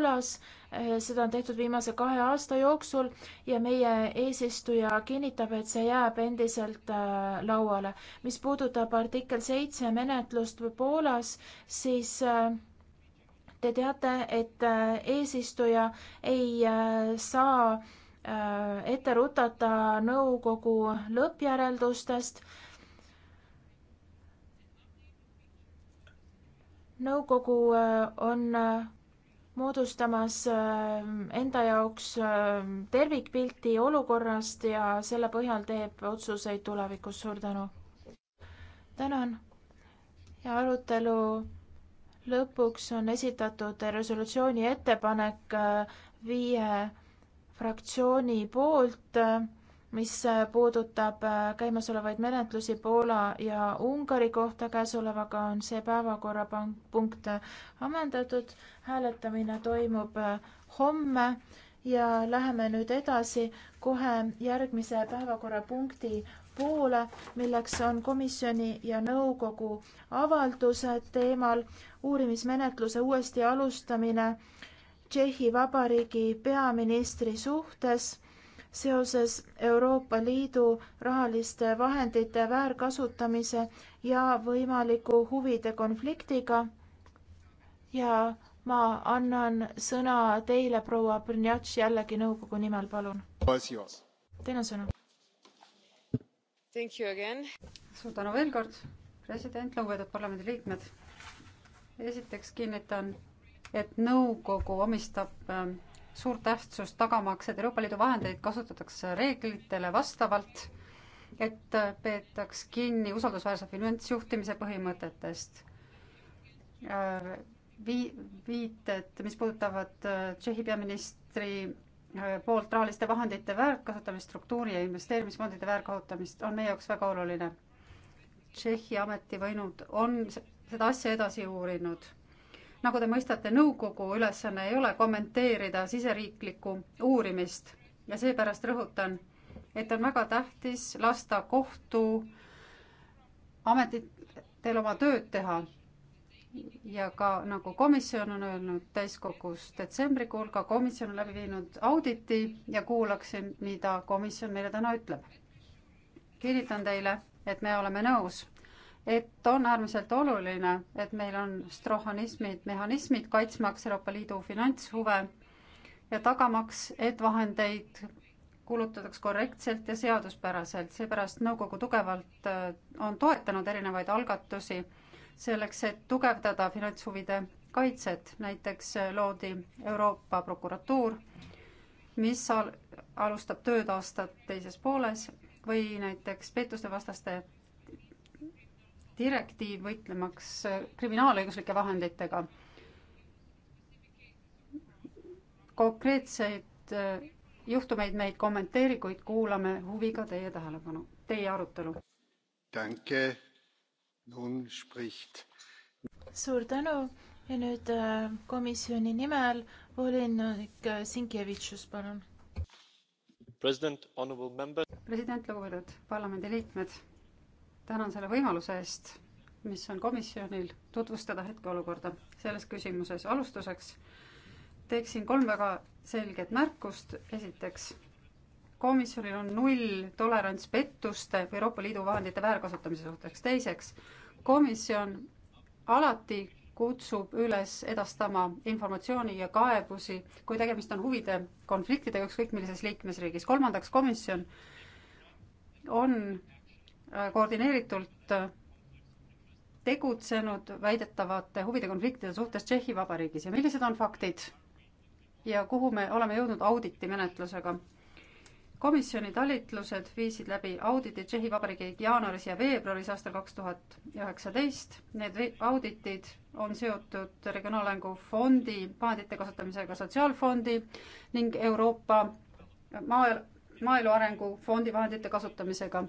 Poolas, eh, seda on tehtud viimase kahe aasta jooksul ja meie eesistuja kinnitab, et see jääb endiselt eh, lauale. mis puudutab artikkel seitse menetlust Poolas, siis eh, te teate, et eesistuja ei saa ette rutata nõukogu lõppjäreldustest. nõukogu on moodustamas äh, enda jaoks äh, tervikpilti olukorrast ja selle põhjal teeb otsuseid tulevikus. suur tänu! tänan! ja arutelu lõpuks on esitatud resolutsiooni ettepanek äh, viie fraktsiooni poolt mis äh, puudutab äh, käimasolevaid menetlusi Poola ja Ungari kohta, käesolevaga on see päevakorrapunkt äh, ammendatud, hääletamine toimub homme ja läheme nüüd edasi kohe järgmise päevakorrapunkti poole, milleks on komisjoni ja nõukogu avaldused teemal uurimismenetluse uuesti alustamine Tšehhi Vabariigi peaministri suhtes seoses Euroopa Liidu rahaliste vahendite väärkasutamise ja võimaliku huvide konfliktiga. ja ma annan sõna teile, proua Brnjatš, jällegi nõukogu nimel, palun. Teil on sõna. suur tänu veel kord, president, lugupeetud parlamendiliikmed. esiteks kinnitan, et nõukogu omistab äh, suurt tähtsust tagamaks, et Euroopa Liidu vahendeid kasutatakse reeglitele vastavalt, et peetaks kinni usaldusväärse finantsjuhtimise põhimõtetest. Vii-, viited, mis puudutavad äh, Tšehhi peaministri äh, poolt rahaliste vahendite väärkasutamist, struktuuri- ja investeerimisfondide väärkasutamist, on meie jaoks väga oluline. Tšehhi ametivõimud on seda asja edasi uurinud nagu te mõistate, nõukogu ülesanne ei ole kommenteerida siseriiklikku uurimist ja seepärast rõhutan, et on väga tähtis lasta kohtu ametitel oma tööd teha. ja ka nagu komisjon on öelnud täiskogus detsembrikuul, ka komisjon on läbi viinud auditi ja kuulaksin, mida komisjon meile täna ütleb. kinnitan teile, et me oleme nõus et on äärmiselt oluline, et meil on strohanismid, mehhanismid kaitsmaks Euroopa Liidu finantshuve ja tagamaks, et vahendeid kulutataks korrektselt ja seaduspäraselt, seepärast nõukogu tugevalt äh, on toetanud erinevaid algatusi selleks, et tugevdada finantshuvide kaitset, näiteks äh, loodi Euroopa prokuratuur, mis al-, alustab tööd aasta teises pooles või näiteks pettustevastaste direktiiv võitlemaks kriminaalõiguslike vahenditega. konkreetseid äh, juhtumeid me ei kommenteeri, kuid kuulame huviga teie tähelepanu, teie arutelu. suur tänu ja nüüd äh, komisjoni nimel volinik äh, Sinkevitšus, palun. president, lugupeetud parlamendiliikmed tänan selle võimaluse eest, mis on komisjonil tutvustada hetkeolukorda selles küsimuses. alustuseks teeksin kolm väga selget märkust. esiteks, komisjonil on null tolerants pettuste või Euroopa Liidu vahendite väärkasutamise suhteks. teiseks, komisjon alati kutsub üles edastama informatsiooni ja kaebusi, kui tegemist on huvide konfliktidega ükskõik millises liikmesriigis. kolmandaks, komisjon on Äh, koordineeritult äh, tegutsenud väidetavate huvide konfliktide suhtes Tšehhi Vabariigis ja millised on faktid ja kuhu me oleme jõudnud auditi menetlusega? komisjoni talitlused viisid läbi auditi Tšehhi Vabariigi jaanuaris ja veebruaris aastal kaks tuhat üheksateist. Need auditid on seotud Regionaalarengu Fondi vahendite kasutamisega Sotsiaalfondi ning Euroopa Maaelu Arengu Fondi vahendite kasutamisega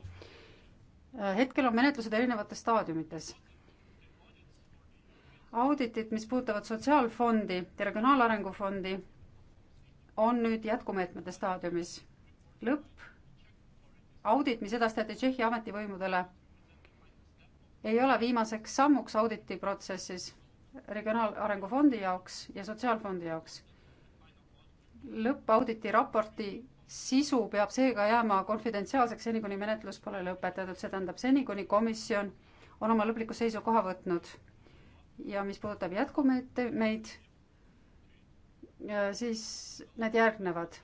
Äh, hetkel on menetlused erinevates staadiumites. auditid, mis puudutavad Sotsiaalfondi ja Regionaalarengu Fondi, on nüüd jätkumeetmete staadiumis. lõpp, audit, mis edastati Tšehhi ametivõimudele, ei ole viimaseks sammuks auditi protsessis Regionaalarengu Fondi jaoks ja Sotsiaalfondi jaoks lõppauditi raporti sisu peab seega jääma konfidentsiaalseks seni, kuni menetlus pole lõpetatud, see tähendab seni, kuni komisjon on oma lõpliku seisukoha võtnud. ja mis puudutab jätkumeetmeid, siis need järgnevad.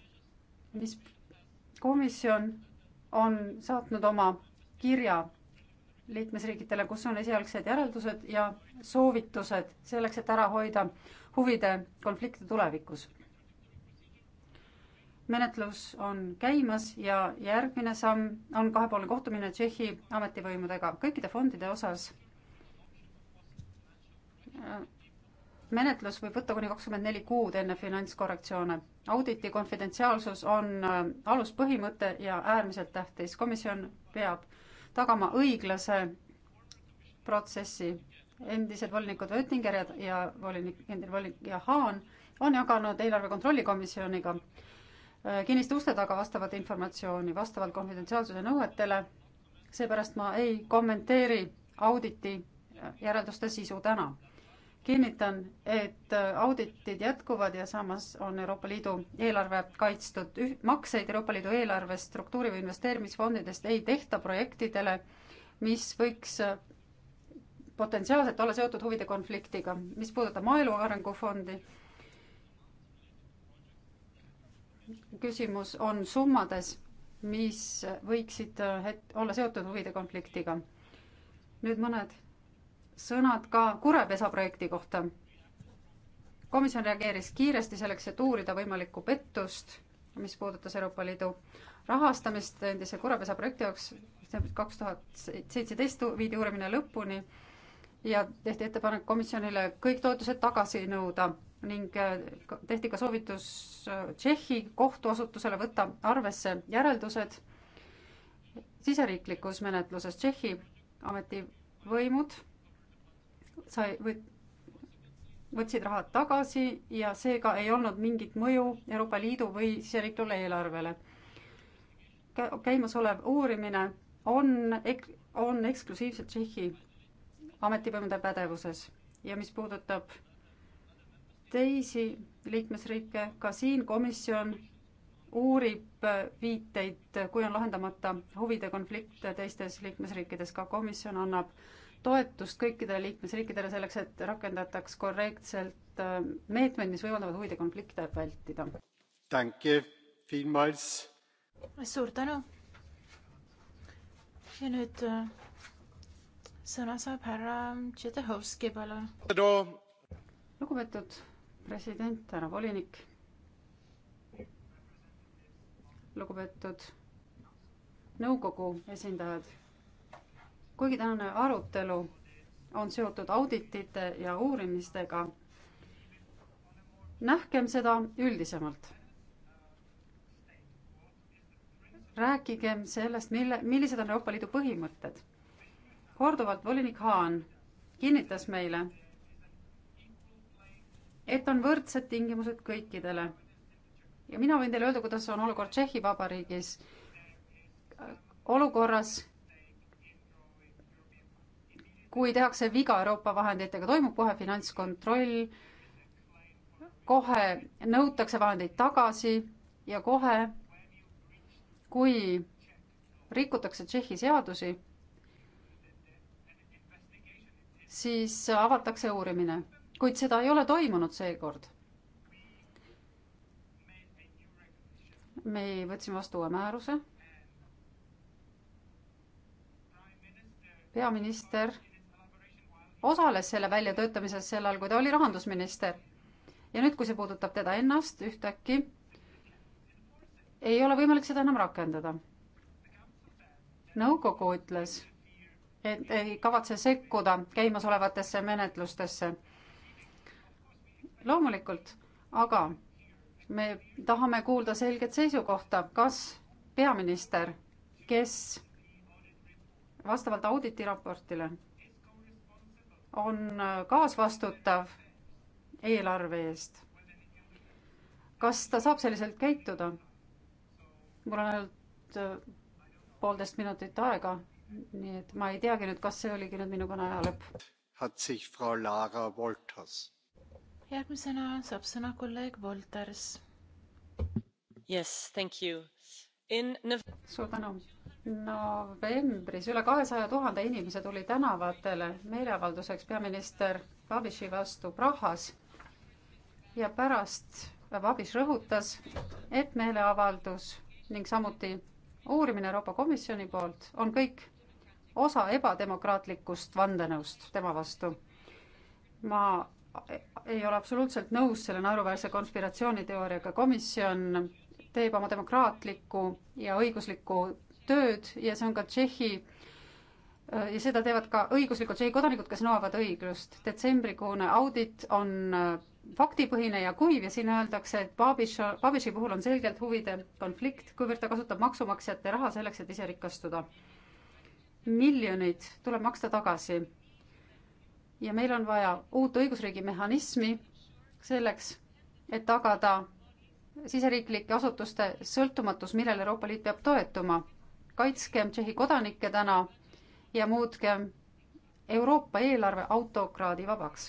mis komisjon on saatnud oma kirja liikmesriikidele, kus on esialgsed järeldused ja soovitused selleks, et ära hoida huvide konflikte tulevikus menetlus on käimas ja järgmine samm on kahepoolne kohtumine Tšehhi ametivõimudega kõikide fondide osas. Äh, menetlus võib võtta kuni kakskümmend neli kuud enne finantskorrektsioone. auditi konfidentsiaalsus on äh, aluspõhimõte ja äärmiselt tähtis. komisjon peab tagama õiglase protsessi. endised volinikud Oettinger ja, ja volinik, endine volinik ja Haan on jaganud eelarve kontrolli komisjoniga Äh, kinniste uste taga vastavat informatsiooni vastavalt konfidentsiaalsuse nõuetele. seepärast ma ei kommenteeri auditi äh, järelduste sisu täna. kinnitan, et äh, auditid jätkuvad ja samas on Euroopa Liidu eelarve kaitstud. makseid Euroopa Liidu eelarvest struktuuri- või investeerimisfondidest ei tehta projektidele, mis võiks potentsiaalselt olla seotud huvide konfliktiga. mis puudutab Maaelu Arengufondi, küsimus on summades, mis võiksid het-, olla seotud huvide konfliktiga. nüüd mõned sõnad ka Kurepesa projekti kohta. komisjon reageeris kiiresti selleks, et uurida võimalikku pettust, mis puudutas Euroopa Liidu rahastamist endise Kurepesa projekti jaoks, kaks tuhat seitseteist viidi uurimine lõpuni ja tehti ettepanek komisjonile kõik toetused tagasi nõuda ning äh, tehti ka soovitus äh, Tšehhi kohtuasutusele võtta arvesse järeldused siseriiklikus menetluses. Tšehhi ametivõimud sai, võt-, võtsid rahad tagasi ja seega ei olnud mingit mõju Euroopa Liidu või siseriiklikule eelarvele. käimasolev uurimine on ek-, on eksklusiivselt Tšehhi ametivõimude pädevuses ja mis puudutab teisi liikmesriike, ka siin komisjon uurib viiteid, kui on lahendamata huvide konflikt teistes liikmesriikides, ka komisjon annab toetust kõikidele liikmesriikidele selleks, et rakendataks korrektselt äh, meetmeid, mis võimaldavad huvide konflikte vältida. suur tänu. ja nüüd äh, sõna saab härra Tšetõhovski, palun. lugupeetud president, härra volinik, lugupeetud nõukogu esindajad. kuigi tänane arutelu on seotud auditite ja uurimistega, nähkem seda üldisemalt. rääkigem sellest, mille, millised on Euroopa Liidu põhimõtted. korduvalt volinik Haan kinnitas meile, et on võrdsed tingimused kõikidele. ja mina võin teile öelda, kuidas on olukord Tšehhi Vabariigis. olukorras, kui tehakse viga Euroopa vahenditega, toimub kohe finantskontroll, kohe nõutakse vahendeid tagasi ja kohe, kui rikutakse Tšehhi seadusi, siis avatakse uurimine kuid seda ei ole toimunud seekord. me võtsime vastu uue määruse. peaminister osales selle väljatöötamises sel ajal, kui ta oli rahandusminister. ja nüüd, kui see puudutab teda ennast, ühtäkki ei ole võimalik seda enam rakendada. nõukogu ütles, et ei kavatse sekkuda käimasolevatesse menetlustesse loomulikult, aga me tahame kuulda selget seisukohta, kas peaminister, kes vastavalt auditi raportile on kaasvastutav eelarve eest, kas ta saab selliselt käituda? mul on ainult äh, poolteist minutit aega, nii et ma ei teagi nüüd, kas see oligi nüüd minu kõne aja lõpp järgmisena saab sõna kolleeg Wolters. Yes, thank you. In... suur tänu. novembris üle kahesaja tuhande inimese tuli tänavatele meeleavalduseks peaminister Babiši vastu Prahas ja pärast Babiš rõhutas, et meeleavaldus ning samuti uurimine Euroopa Komisjoni poolt on kõik osa ebademokraatlikust vandenõust tema vastu. ma ei ole absoluutselt nõus selle naeruväärse konspiratsiooniteooriaga. komisjon teeb oma demokraatlikku ja õiguslikku tööd ja see on ka Tšehhi ja seda teevad ka õiguslikud Tšehhi kodanikud, kes nõuavad õiglust. detsembrikuune audit on äh, faktipõhine ja kuiv ja siin öeldakse, et Babiš, Babiši puhul on selgelt huvide konflikt, kuivõrd ta kasutab maksumaksjate raha selleks, et ise rikastuda. miljonid tuleb maksta tagasi ja meil on vaja uut õigusriigi mehhanismi selleks, et tagada siseriiklike asutuste sõltumatus, millele Euroopa Liit peab toetuma. kaitskem Tšehhi kodanikke täna ja muutkem Euroopa eelarve autokraadi vabaks.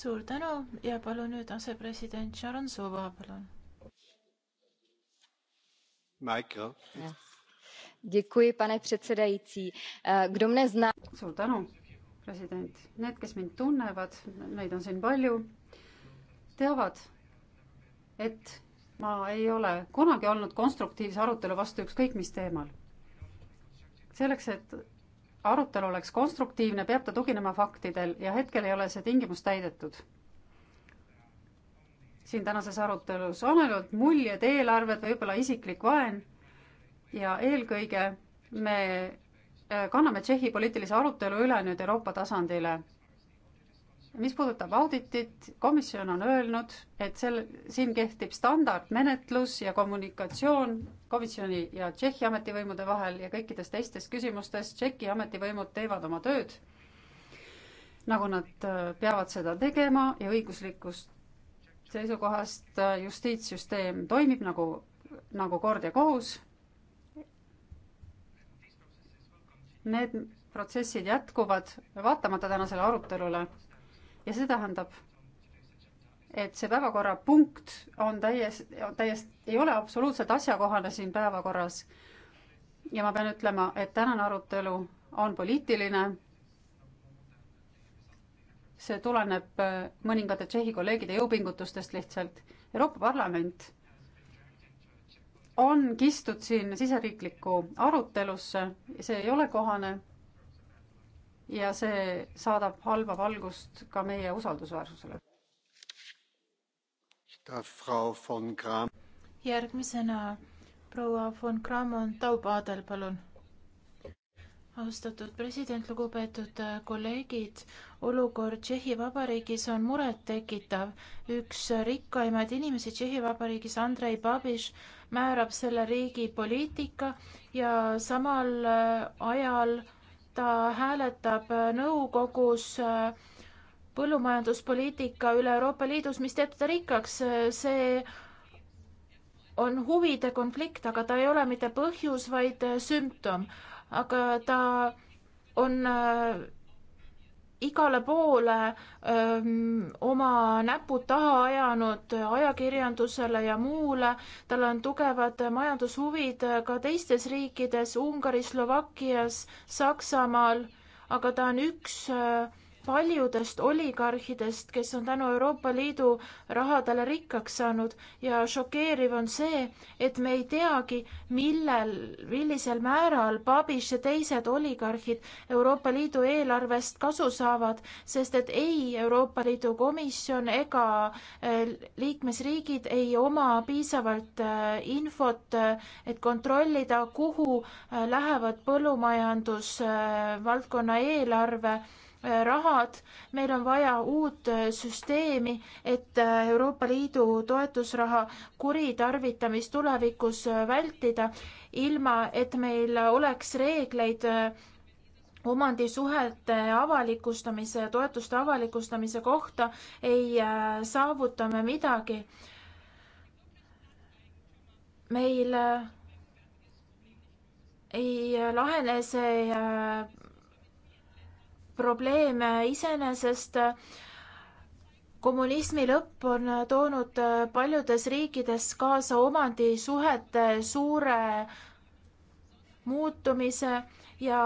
suur tänu ja palun nüüd asepresident Sharon Suva, palun. Michael pane předsedající. Eh, kdo mne zná. suur tänu, president. Need, kes mind tunnevad, neid on siin palju, teavad, et ma ei ole kunagi olnud konstruktiivse arutelu vastu ükskõik mis teemal. selleks, et arutelu oleks konstruktiivne, peab ta tuginema faktidel ja hetkel ei ole see tingimus täidetud. siin tänases arutelus on ainult muljed, eelarved, võib-olla isiklik vaen ja eelkõige me äh, kanname Tšehhi poliitilise arutelu üle nüüd Euroopa tasandile. mis puudutab auditit, komisjon on öelnud, et sel, siin kehtib standardmenetlus ja kommunikatsioon komisjoni ja Tšehhi ametivõimude vahel ja kõikides teistes küsimustes Tšehhi ametivõimud teevad oma tööd, nagu nad äh, peavad seda tegema ja õiguslikust seisukohast äh, justiitssüsteem toimib nagu, nagu kord ja kohus Need protsessid jätkuvad vaatamata tänasele arutelule ja see tähendab, et see päevakorrapunkt on täies, täiesti, ei ole absoluutselt asjakohane siin päevakorras. ja ma pean ütlema, et tänane arutelu on poliitiline. see tuleneb äh, mõningate Tšehhi kolleegide jõupingutustest lihtsalt. Euroopa Parlament on kistud siin siseriiklikku arutelusse, see ei ole kohane. ja see saadab halba valgust ka meie usaldusväärsusele. järgmisena proua von Kramon Taubadel, palun austatud president, lugupeetud äh, kolleegid, olukord Tšehhi Vabariigis on murettekitav. üks rikkaimaid inimesi Tšehhi Vabariigis, Andrei Babiš, määrab selle riigi poliitika ja samal äh, ajal ta hääletab äh, nõukogus äh, põllumajanduspoliitika üle Euroopa Liidus, mis teeb teda rikkaks, see on huvide konflikt, aga ta ei ole mitte põhjus, vaid sümptom. aga ta on igale poole öö, oma näpud taha ajanud ajakirjandusele ja muule. tal on tugevad majandushuvid ka teistes riikides, Ungaris, Slovakkias, Saksamaal, aga ta on üks öö, paljudest oligarhidest, kes on tänu Euroopa Liidu rahadele rikkaks saanud ja šokeeriv on see, et me ei teagi, millel, millisel määral Babiš ja teised oligarhid Euroopa Liidu eelarvest kasu saavad, sest et ei Euroopa Liidu komisjon ega eh, liikmesriigid ei oma piisavalt eh, infot, eh, et kontrollida, kuhu lähevad põllumajandusvaldkonna eelarve rahad, meil on vaja uut äh, süsteemi, et äh, Euroopa Liidu toetusraha kuritarvitamist tulevikus äh, vältida, ilma et meil oleks reegleid omandisuhete avalikustamise ja toetuste avalikustamise kohta ei saavuta me midagi. meil ei lahene see probleem iseenesest kommunismi lõpp on toonud paljudes riikides kaasa omandisuhete suure muutumise ja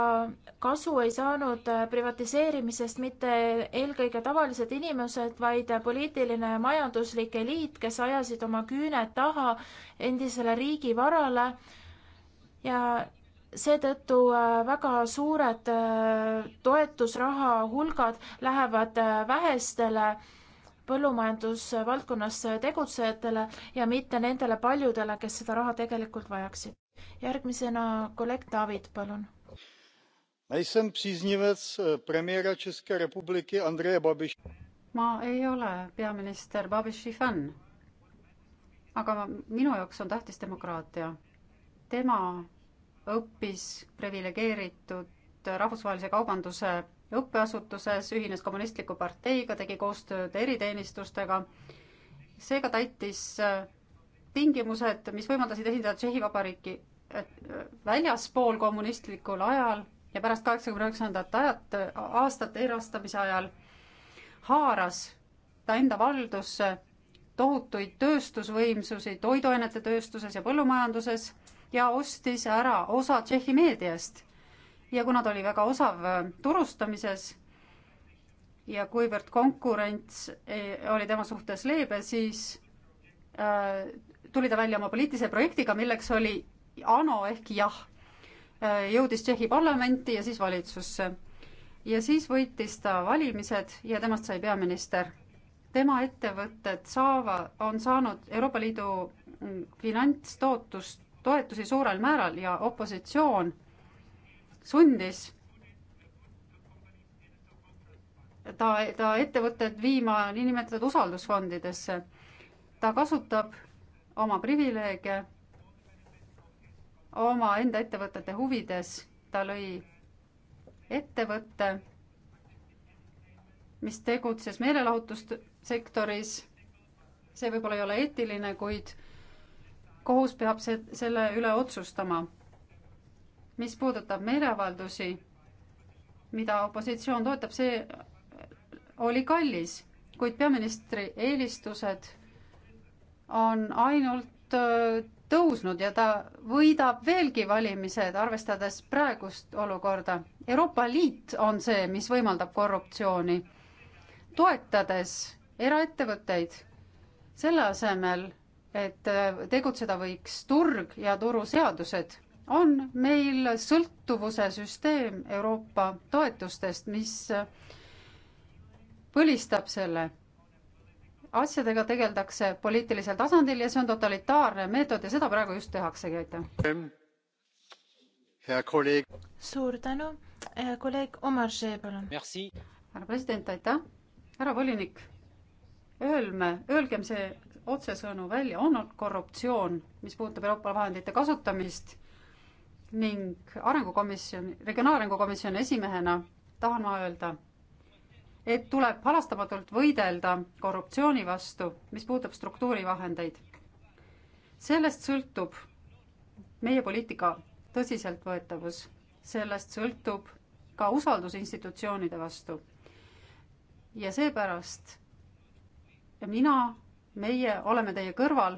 kasu ei saanud privatiseerimisest mitte eelkõige tavalised inimesed, vaid poliitiline ja majanduslik eliit, kes ajasid oma küüned taha endisele riigivarale ja seetõttu äh, väga suured äh, toetusraha hulgad lähevad äh, vähestele põllumajandusvaldkonnas tegutsejatele ja mitte nendele paljudele, kes seda raha tegelikult vajaksid. järgmisena kolleeg David, palun. ma e, ei ole peaminister Babiši fänn. aga minu jaoks on tähtis demokraatia. tema õppis priviligeeritud rahvusvahelise kaubanduse õppeasutuses, ühines kommunistliku parteiga, tegi koostööd eriteenistustega. seega täitis äh, tingimused, mis võimaldasid esindada Tšehhi Vabariiki äh, väljaspool kommunistlikul ajal ja pärast kaheksakümne üheksandat ajat, äh, aastat erastamise ajal haaras ta enda valdusse tohutuid tööstusvõimsusi toiduainete tööstuses ja põllumajanduses ja ostis ära osa Tšehhi meediast. ja kuna ta oli väga osav äh, turustamises ja kuivõrd konkurents äh, oli tema suhtes leebe, siis äh, tuli ta välja oma poliitilise projektiga, milleks oli ANO ehk jah äh,. jõudis Tšehhi parlamenti ja siis valitsusse. ja siis võitis ta valimised ja temast sai peaminister. tema ettevõtted saava, on saanud Euroopa Liidu mm, finantstootust toetusi suurel määral ja opositsioon sundis ta, ta ettevõtted viima niinimetatud usaldusfondidesse. ta kasutab oma privileege omaenda ettevõtete huvides, ta lõi ettevõtte, mis tegutses meelelahutussektoris, see võib-olla ei ole eetiline, kuid kohus peab se-, selle üle otsustama. mis puudutab meeleavaldusi, mida opositsioon toetab, see oli kallis, kuid peaministri eelistused on ainult äh, tõusnud ja ta võidab veelgi valimised, arvestades praegust olukorda. Euroopa Liit on see, mis võimaldab korruptsiooni, toetades eraettevõtteid, selle asemel et äh, tegutseda võiks turg ja turuseadused, on meil sõltuvuse süsteem Euroopa toetustest, mis äh, põlistab selle. asjadega tegeldakse poliitilisel tasandil ja see on totalitaarne meetod ja seda praegu just tehaksegi, aitäh. suur tänu, kolleeg Omar Šee, palun. härra president, aitäh. härra volinik, öelme, öelgem see otsesõnu välja, on korruptsioon, mis puudutab Euroopa vahendite kasutamist ning arengukomisjoni, regionaalarengu komisjoni esimehena tahan ma öelda, et tuleb halastamatult võidelda korruptsiooni vastu, mis puudutab struktuurivahendeid. sellest sõltub meie poliitika tõsiseltvõetavus, sellest sõltub ka usaldus institutsioonide vastu. ja seepärast mina meie oleme teie kõrval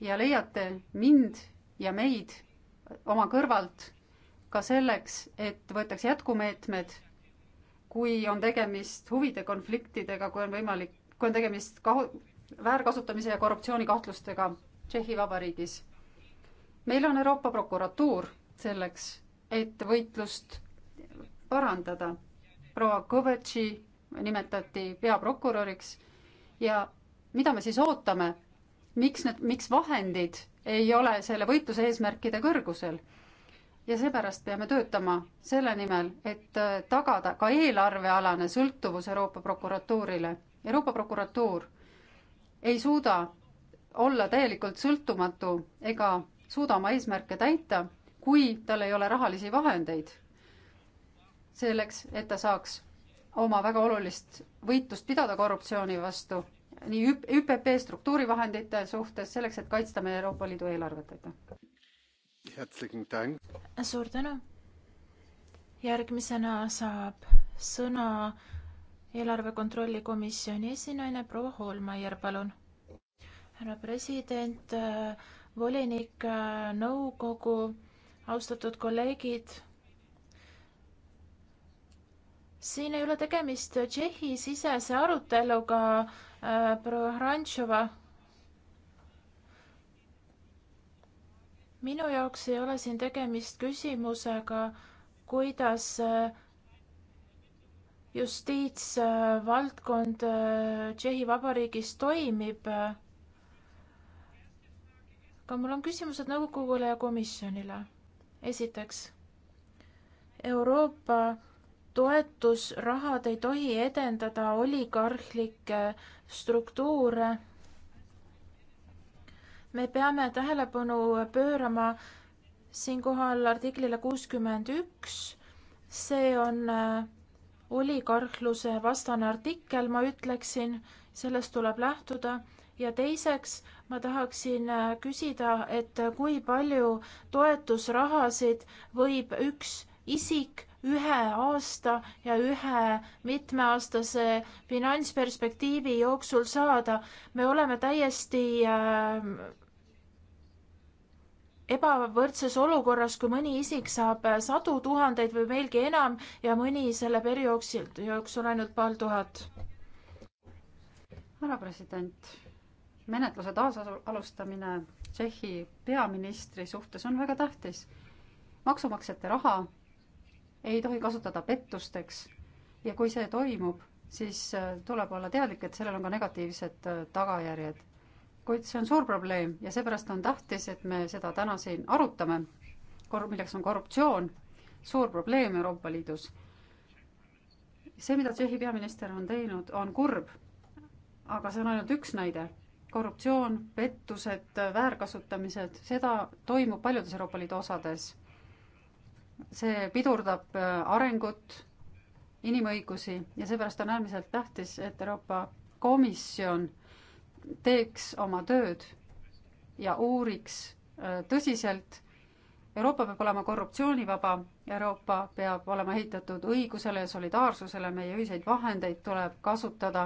ja leiate mind ja meid oma kõrvalt ka selleks, et võetakse jätkumeetmed, kui on tegemist huvide konfliktidega, kui on võimalik, kui on tegemist kahu, väärkasutamise ja korruptsioonikahtlustega Tšehhi Vabariigis. meil on Euroopa prokuratuur selleks, et võitlust parandada. proua Kovatši nimetati peaprokuröriks ja mida me siis ootame? miks need, miks vahendid ei ole selle võitluse eesmärkide kõrgusel? ja seepärast peame töötama selle nimel, et äh, tagada ka eelarvealane sõltuvus Euroopa prokuratuurile. Euroopa prokuratuur ei suuda olla täielikult sõltumatu ega suuda oma eesmärke täita, kui tal ei ole rahalisi vahendeid selleks, et ta saaks oma väga olulist võitlust pidada korruptsiooni vastu nii ÜPP struktuurivahendite suhtes selleks, et kaitsta meie Euroopa Liidu eelarvet, aitäh. suur tänu. järgmisena saab sõna eelarve kontrolli komisjoni esinaine proua Hoolmeier, palun. härra president, äh, volinik, äh, nõukogu, austatud kolleegid siin ei ole tegemist Tšehhi-sisese aruteluga äh,, proua Hrantšova. minu jaoks ei ole siin tegemist küsimusega, kuidas äh, justiitsvaldkond äh, Tšehhi Vabariigis toimib. aga mul on küsimused nõukogule ja komisjonile. esiteks, Euroopa toetusrahad ei tohi edendada oligarhlikke struktuure. me peame tähelepanu pöörama siinkohal artiklile kuuskümmend üks, see on äh, oligarhluse vastane artikkel, ma ütleksin, sellest tuleb lähtuda ja teiseks ma tahaksin äh, küsida, et kui palju toetusrahasid võib üks isik ühe aasta ja ühe mitmeaastase finantsperspektiivi jooksul saada. me oleme täiesti äh, ebavõrdses olukorras, kui mõni isik saab sadu tuhandeid või veelgi enam ja mõni selle perioodi jooksul ainult paar tuhat. härra president, menetluse taasalustamine Tšehhi peaministri suhtes on väga tähtis. maksumaksjate raha ei tohi kasutada pettusteks ja kui see toimub, siis äh, tuleb olla teadlik, et sellel on ka negatiivsed äh, tagajärjed. kuid see on suur probleem ja seepärast on tähtis, et me seda täna siin arutame, kor-, milleks on korruptsioon, suur probleem Euroopa Liidus. see, mida Tšehhi peaminister on teinud, on kurb, aga see on ainult üks näide. korruptsioon, pettused, väärkasutamised, seda toimub paljudes Euroopa Liidu osades see pidurdab äh, arengut, inimõigusi ja seepärast on äärmiselt tähtis, et Euroopa Komisjon teeks oma tööd ja uuriks äh, tõsiselt. Euroopa peab olema korruptsioonivaba, Euroopa peab olema ehitatud õigusele ja solidaarsusele, meie ühiseid vahendeid tuleb kasutada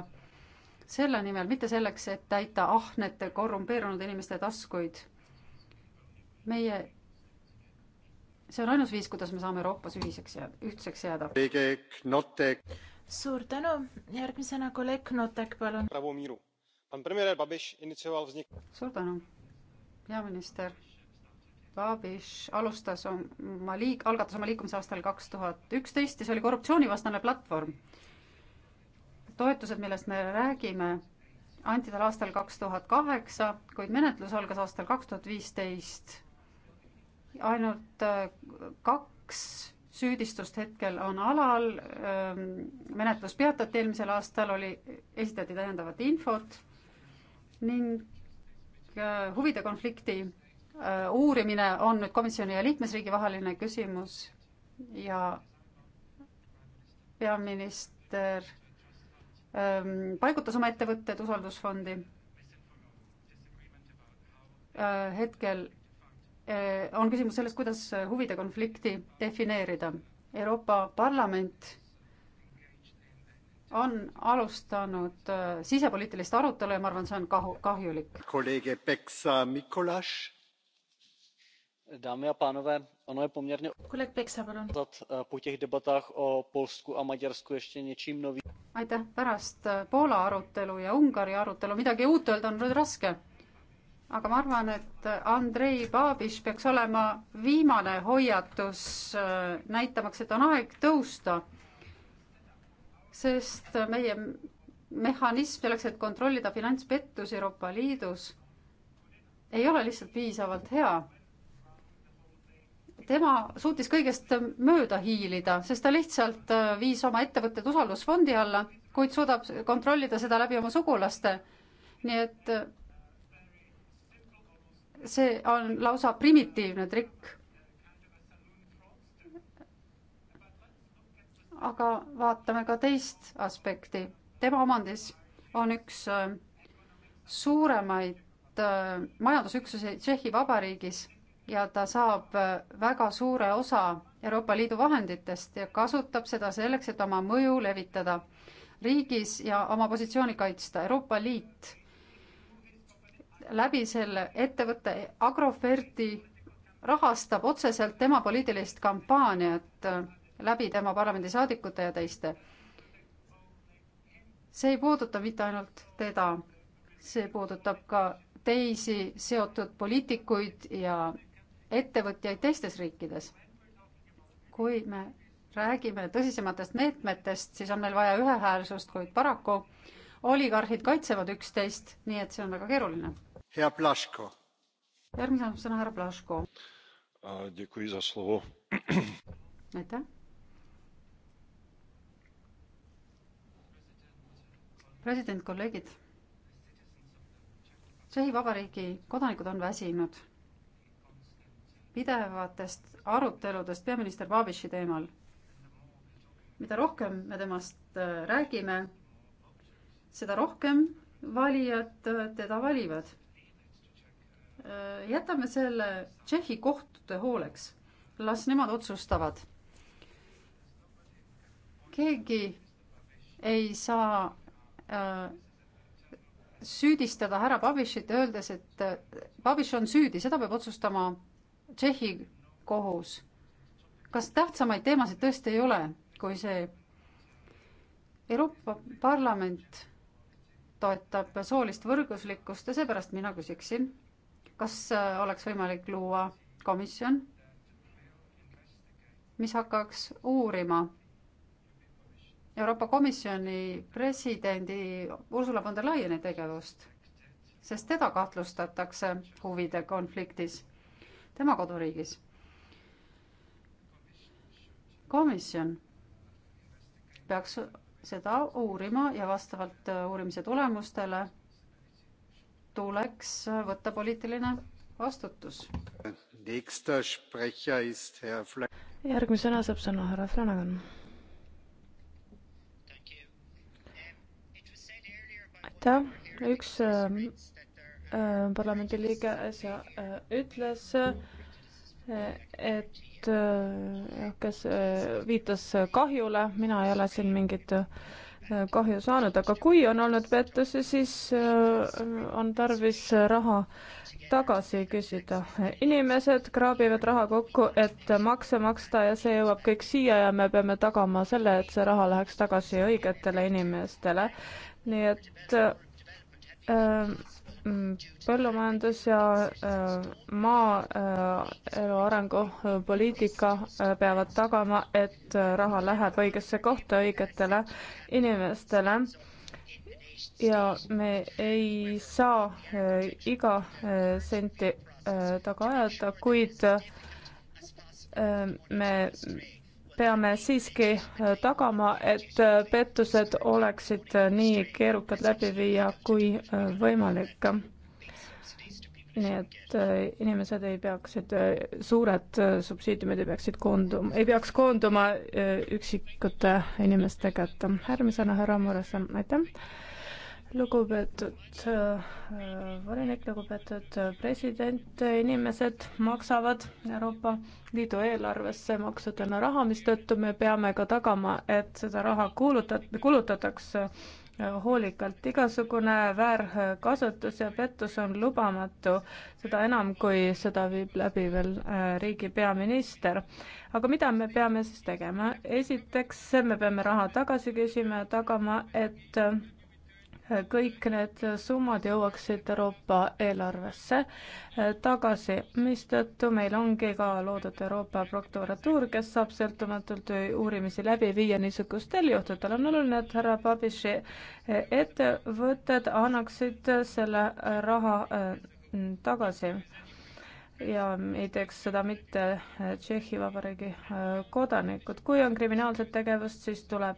selle nimel, mitte selleks, et täita ahnete korrumpeerunud inimeste taskuid. meie see on ainus viis, kuidas me saame Euroopas ühiseks jääda, ühtseks jääda. suur tänu, järgmisena kolleeg Knotek, palun. suur tänu, peaminister. Babiš alustas oma liik-, algatas oma liikumise aastal kaks tuhat üksteist ja see oli korruptsioonivastane platvorm. toetused, millest me räägime, anti talle aastal kaks tuhat kaheksa, kuid menetlus algas aastal kaks tuhat viisteist ainult äh, kaks süüdistust hetkel on alal, ähm, menetlus peatati eelmisel aastal, oli, esitati täiendavat infot ning äh, huvide konflikti äh, uurimine on nüüd komisjoni ja liikmesriigi vaheline küsimus ja peaminister ähm, paigutas oma ettevõtted usaldusfondi. hetkel Äh, on küsimus selles, kuidas äh, huvide konflikti defineerida. Euroopa Parlament on alustanud äh, sisepoliitilist arutelu ja ma arvan, see on kahu, kahjulik. kolleeg Peksa Mikolaš. Dámy a pánové, ono je poměrně Kolik Peksa, palun. Eh, po těch debatách o Polsku a Maďarsku ještě něčím novým. Aitäh, pärast eh, Poola arutelu ja Ungari arutelu midagi uut öelda on raske aga ma arvan, et Andrei Babiš peaks olema viimane hoiatus, äh, näitamaks, et on aeg tõusta. sest meie mehhanism selleks, et kontrollida finantspettusi Euroopa Liidus, ei ole lihtsalt piisavalt hea. tema suutis kõigest mööda hiilida, sest ta lihtsalt äh, viis oma ettevõtted usaldusfondi alla, kuid suudab kontrollida seda läbi oma sugulaste. nii et äh, see on lausa primitiivne trikk. aga vaatame ka teist aspekti. tema omandis on üks äh, suuremaid äh, majandusüksuseid Tšehhi Vabariigis ja ta saab äh, väga suure osa Euroopa Liidu vahenditest ja kasutab seda selleks, et oma mõju levitada riigis ja oma positsiooni kaitsta. Euroopa Liit läbi selle ettevõtte Agroferti rahastab otseselt tema poliitilist kampaaniat läbi tema parlamendisaadikute ja teiste. see ei puuduta mitte ainult teda, see puudutab ka teisi seotud poliitikuid ja ettevõtjaid teistes riikides. kui me räägime tõsisematest meetmetest, siis on meil vaja ühehäälsust, kuid paraku oligarhid kaitsevad üksteist, nii et see on väga keeruline hea Plaško. järgmisena sõna härra Plaško. aitäh. president, kolleegid. Tšehhi Vabariigi kodanikud on väsinud pidevatest aruteludest peaminister Babiši teemal. mida rohkem me temast äh, räägime, seda rohkem valijad äh, teda valivad Äh, jätame selle Tšehhi kohtute hooleks, las nemad otsustavad. keegi ei saa äh, süüdistada härra Babishit, öeldes, et äh, Babish on süüdi, seda peab otsustama Tšehhi kohus. kas tähtsamaid teemasid tõesti ei ole, kui see Euroopa Parlament toetab soolist võrguslikkust ja seepärast mina küsiksin kas äh, oleks võimalik luua komisjon, mis hakkaks uurima Euroopa Komisjoni presidendi Ursula von der Leyeni tegevust, sest teda kahtlustatakse huvide konfliktis tema koduriigis. komisjon peaks seda uurima ja vastavalt äh, uurimise tulemustele tuleks võtta poliitiline vastutus. järgmisena saab sõna härra Flanagan. aitäh, üks äh, äh, parlamendiliige äsja äh, ütles äh,, et äh, kes äh, viitas kahjule, mina ei ole siin mingit äh, kahju saanud, aga kui on olnud pettusi, siis äh, on tarvis raha tagasi küsida. inimesed kraabivad raha kokku, et makse maksta ja see jõuab kõik siia ja me peame tagama selle, et see raha läheks tagasi õigetele inimestele. nii et äh, Mm, põllumajandus ja äh, maaelu äh, arengupoliitika äh, peavad tagama, et raha läheb õigesse kohta õigetele inimestele. ja me ei saa iga senti taga ajada, kuid me peame siiski äh, tagama, et äh, pettused oleksid äh, nii keerukad läbi viia kui võimalik. nii et inimesed ei peaksid, suured subsiidiumid ei peaksid koonduma, ei peaks koonduma üksikute inimeste kätte. järgmisena härra Muresen, aitäh lugupeetud äh, volinik, lugupeetud äh, president, äh, inimesed maksavad Euroopa Liidu eelarvesse maksudena raha, mistõttu me peame ka tagama, et seda raha kuulutat-, kulutatakse hoolikalt. igasugune väärkasutus ja pettus on lubamatu, seda enam, kui seda viib läbi veel riigi peaminister. aga mida me peame siis tegema? esiteks, me peame raha tagasi küsima ja tagama, et kõik need summad jõuaksid Euroopa eelarvesse eh, tagasi, mistõttu meil ongi ka loodud Euroopa prokuratuur, kes saab sõltumatult uurimisi läbi viia niisugustel juhtudel. on oluline, et härra Babiši eh, ettevõtted annaksid selle raha eh, tagasi ja ei teeks seda mitte Tšehhi Vabariigi kodanikud. kui on kriminaalset tegevust, siis tuleb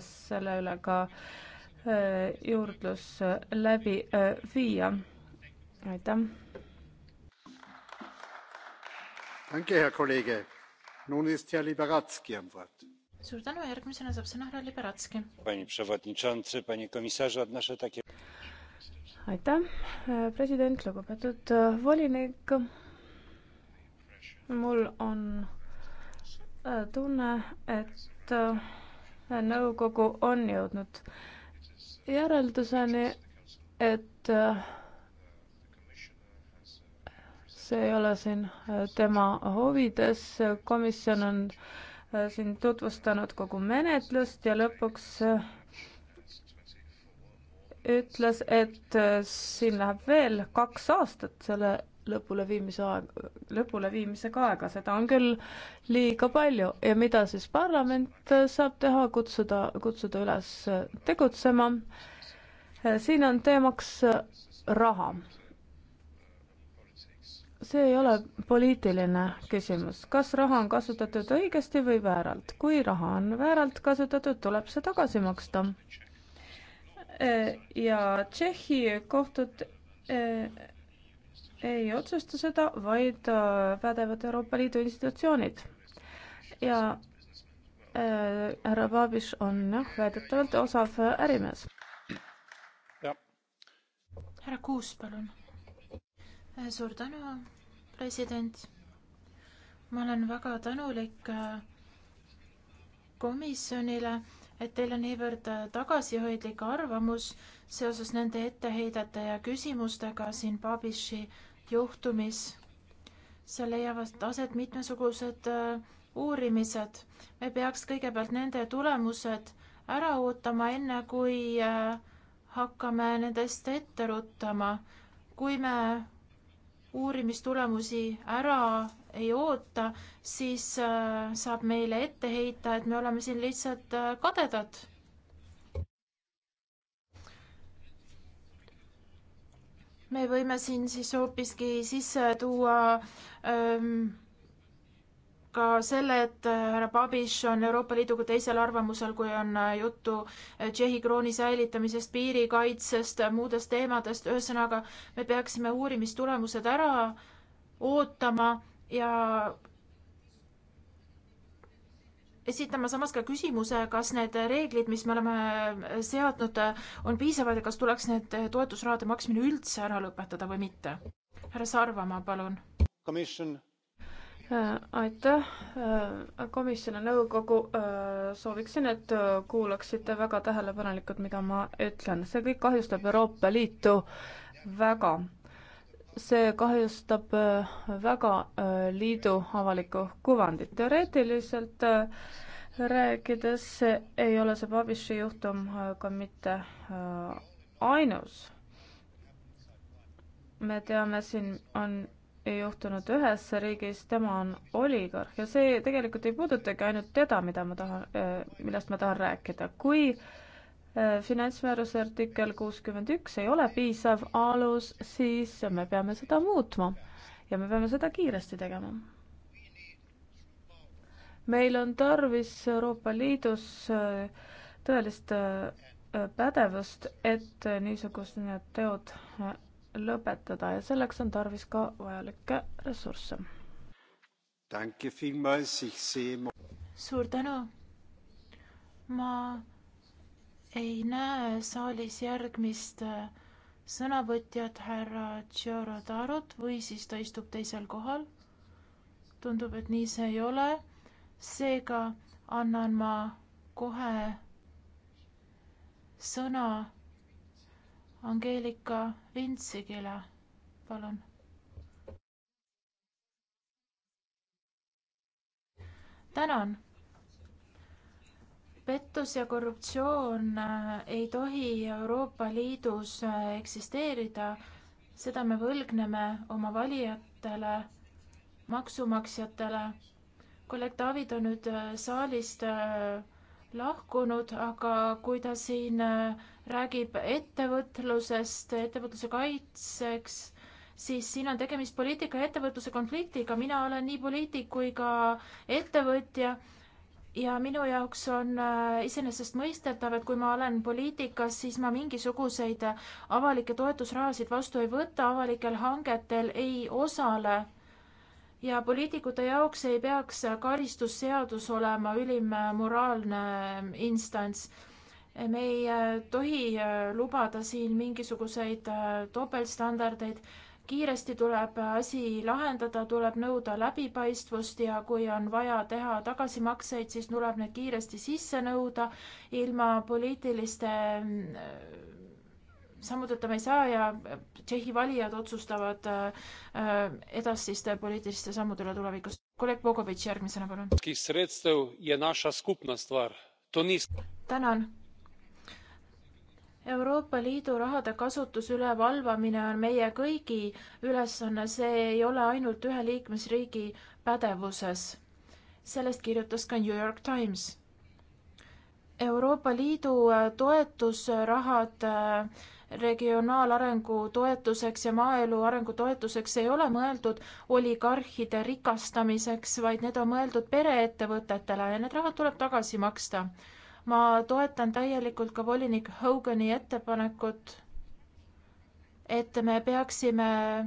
selle üle ka äh, Äh, juurdlus äh, läbi äh, viia. aitäh. suur tänu, järgmisena saab sõna härra Liberatski. aitäh, president, lugupeetud volinik. mul on tunne, et nõukogu on jõudnud äh, järelduseni, et äh, see ei ole siin äh, tema huvides, komisjon on äh, siin tutvustanud kogu menetlust ja lõpuks ütles, et siin läheb veel kaks aastat selle lõpuleviimise aeg, lõpuleviimisega aega, seda on küll liiga palju ja mida siis parlament saab teha, kutsuda, kutsuda üles tegutsema. siin on teemaks raha. see ei ole poliitiline küsimus, kas raha on kasutatud õigesti või vääralt. kui raha on vääralt kasutatud, tuleb see tagasi maksta ja Tšehhi kohtud eh, ei otsusta seda, vaid äh, pädevad Euroopa Liidu institutsioonid. ja äh, härra äh, Babiš on jah, väidetavalt osav ärimees. härra Kuus, palun. Äh, suur tänu, president. ma olen väga tänulik komisjonile, et teil on niivõrd tagasihoidlik arvamus seoses nende etteheidete ja küsimustega siin Babiši äh, juhtumis. seal leiavad aset mitmesugused äh, uurimised. me peaks kõigepealt nende tulemused ära ootama, enne kui äh, hakkame nendest ette ruttama. kui me uurimistulemusi ära ei oota, siis äh, saab meile ette heita, et me oleme siin lihtsalt kadedad me võime siin siis hoopiski sisse tuua ähm, ka selle, et äh, härra Babiš on Euroopa Liiduga teisel arvamusel, kui on äh, juttu äh, Tšehhi krooni säilitamisest, piirikaitsest, muudest teemadest, ühesõnaga me peaksime uurimistulemused ära ootama ja esitama samas ka küsimuse, kas need reeglid, mis me oleme seadnud, on piisavad ja kas tuleks need toetusrahade maksmine üldse ära lõpetada või mitte? härra Sarvamaa, palun. komisjon äh, aitäh, äh, komisjon ja nõukogu, äh, sooviksin, et kuulaksite väga tähelepanelikult, mida ma ütlen, see kõik kahjustab Euroopa Liitu väga see kahjustab äh, väga äh, liidu avalikku kuvandit. teoreetiliselt äh, rääkides ei ole see Babiši juhtum ka mitte ainus. me teame, siin on ei juhtunud ühes riigis, tema on oligarh ja see tegelikult ei puudutagi ainult teda, mida ma tahan, millest ma tahan rääkida. kui äh, Äh, finantsmääruse artikkel kuuskümmend üks ei ole piisav alus, siis me peame seda muutma ja me peame seda kiiresti tegema. meil on tarvis Euroopa Liidus äh, tõelist äh, pädevust, et niisugused need teod lõpetada ja selleks on tarvis ka vajalikke ressursse. suur tänu. ma ei näe saalis järgmist äh, sõnavõtjat, härra Tšorodarot või siis ta istub teisel kohal. tundub, et nii see ei ole. seega annan ma kohe sõna Angeelika Vintsigile, palun. tänan pettus ja korruptsioon äh, ei tohi Euroopa Liidus äh, eksisteerida, seda me võlgneme oma valijatele, maksumaksjatele. kolleeg David on nüüd äh, saalist lahkunud, aga kui ta siin räägib ettevõtlusest, ettevõtluse kaitseks, siis siin on tegemist poliitika ja ettevõtluse konfliktiga, mina olen nii poliitik kui ka ettevõtja ja minu jaoks on äh, iseenesestmõistetav, et kui ma olen poliitikas, siis ma mingisuguseid äh, avalikke toetusrahasid vastu ei võta, avalikel hangetel ei osale. ja poliitikute jaoks ei peaks äh, karistusseadus olema ülim moraalne ähm, instants. me ei tohi lubada siin mingisuguseid topeltstandardeid kiiresti tuleb asi lahendada, tuleb nõuda läbipaistvust ja kui on vaja teha tagasimakseid, siis tuleb need kiiresti sisse nõuda ilma poliitiliste mm, sammudeta me ei saa ja Tšehhi valijad otsustavad äh, edasiste poliitiliste sammude üle tulevikus. kolleeg Bogovitš järgmisena, palun. tänan Euroopa Liidu rahade kasutusüle valvamine on meie kõigi ülesanne, see ei ole ainult ühe liikmesriigi pädevuses. sellest kirjutas ka New York Times. Euroopa Liidu äh, toetusrahad äh, regionaalarengu toetuseks ja maaelu arengu toetuseks ei ole mõeldud oligarhide rikastamiseks, vaid need on mõeldud pereettevõtetele ja need rahad tuleb tagasi maksta ma toetan täielikult ka volinik Hogani ettepanekut, et me peaksime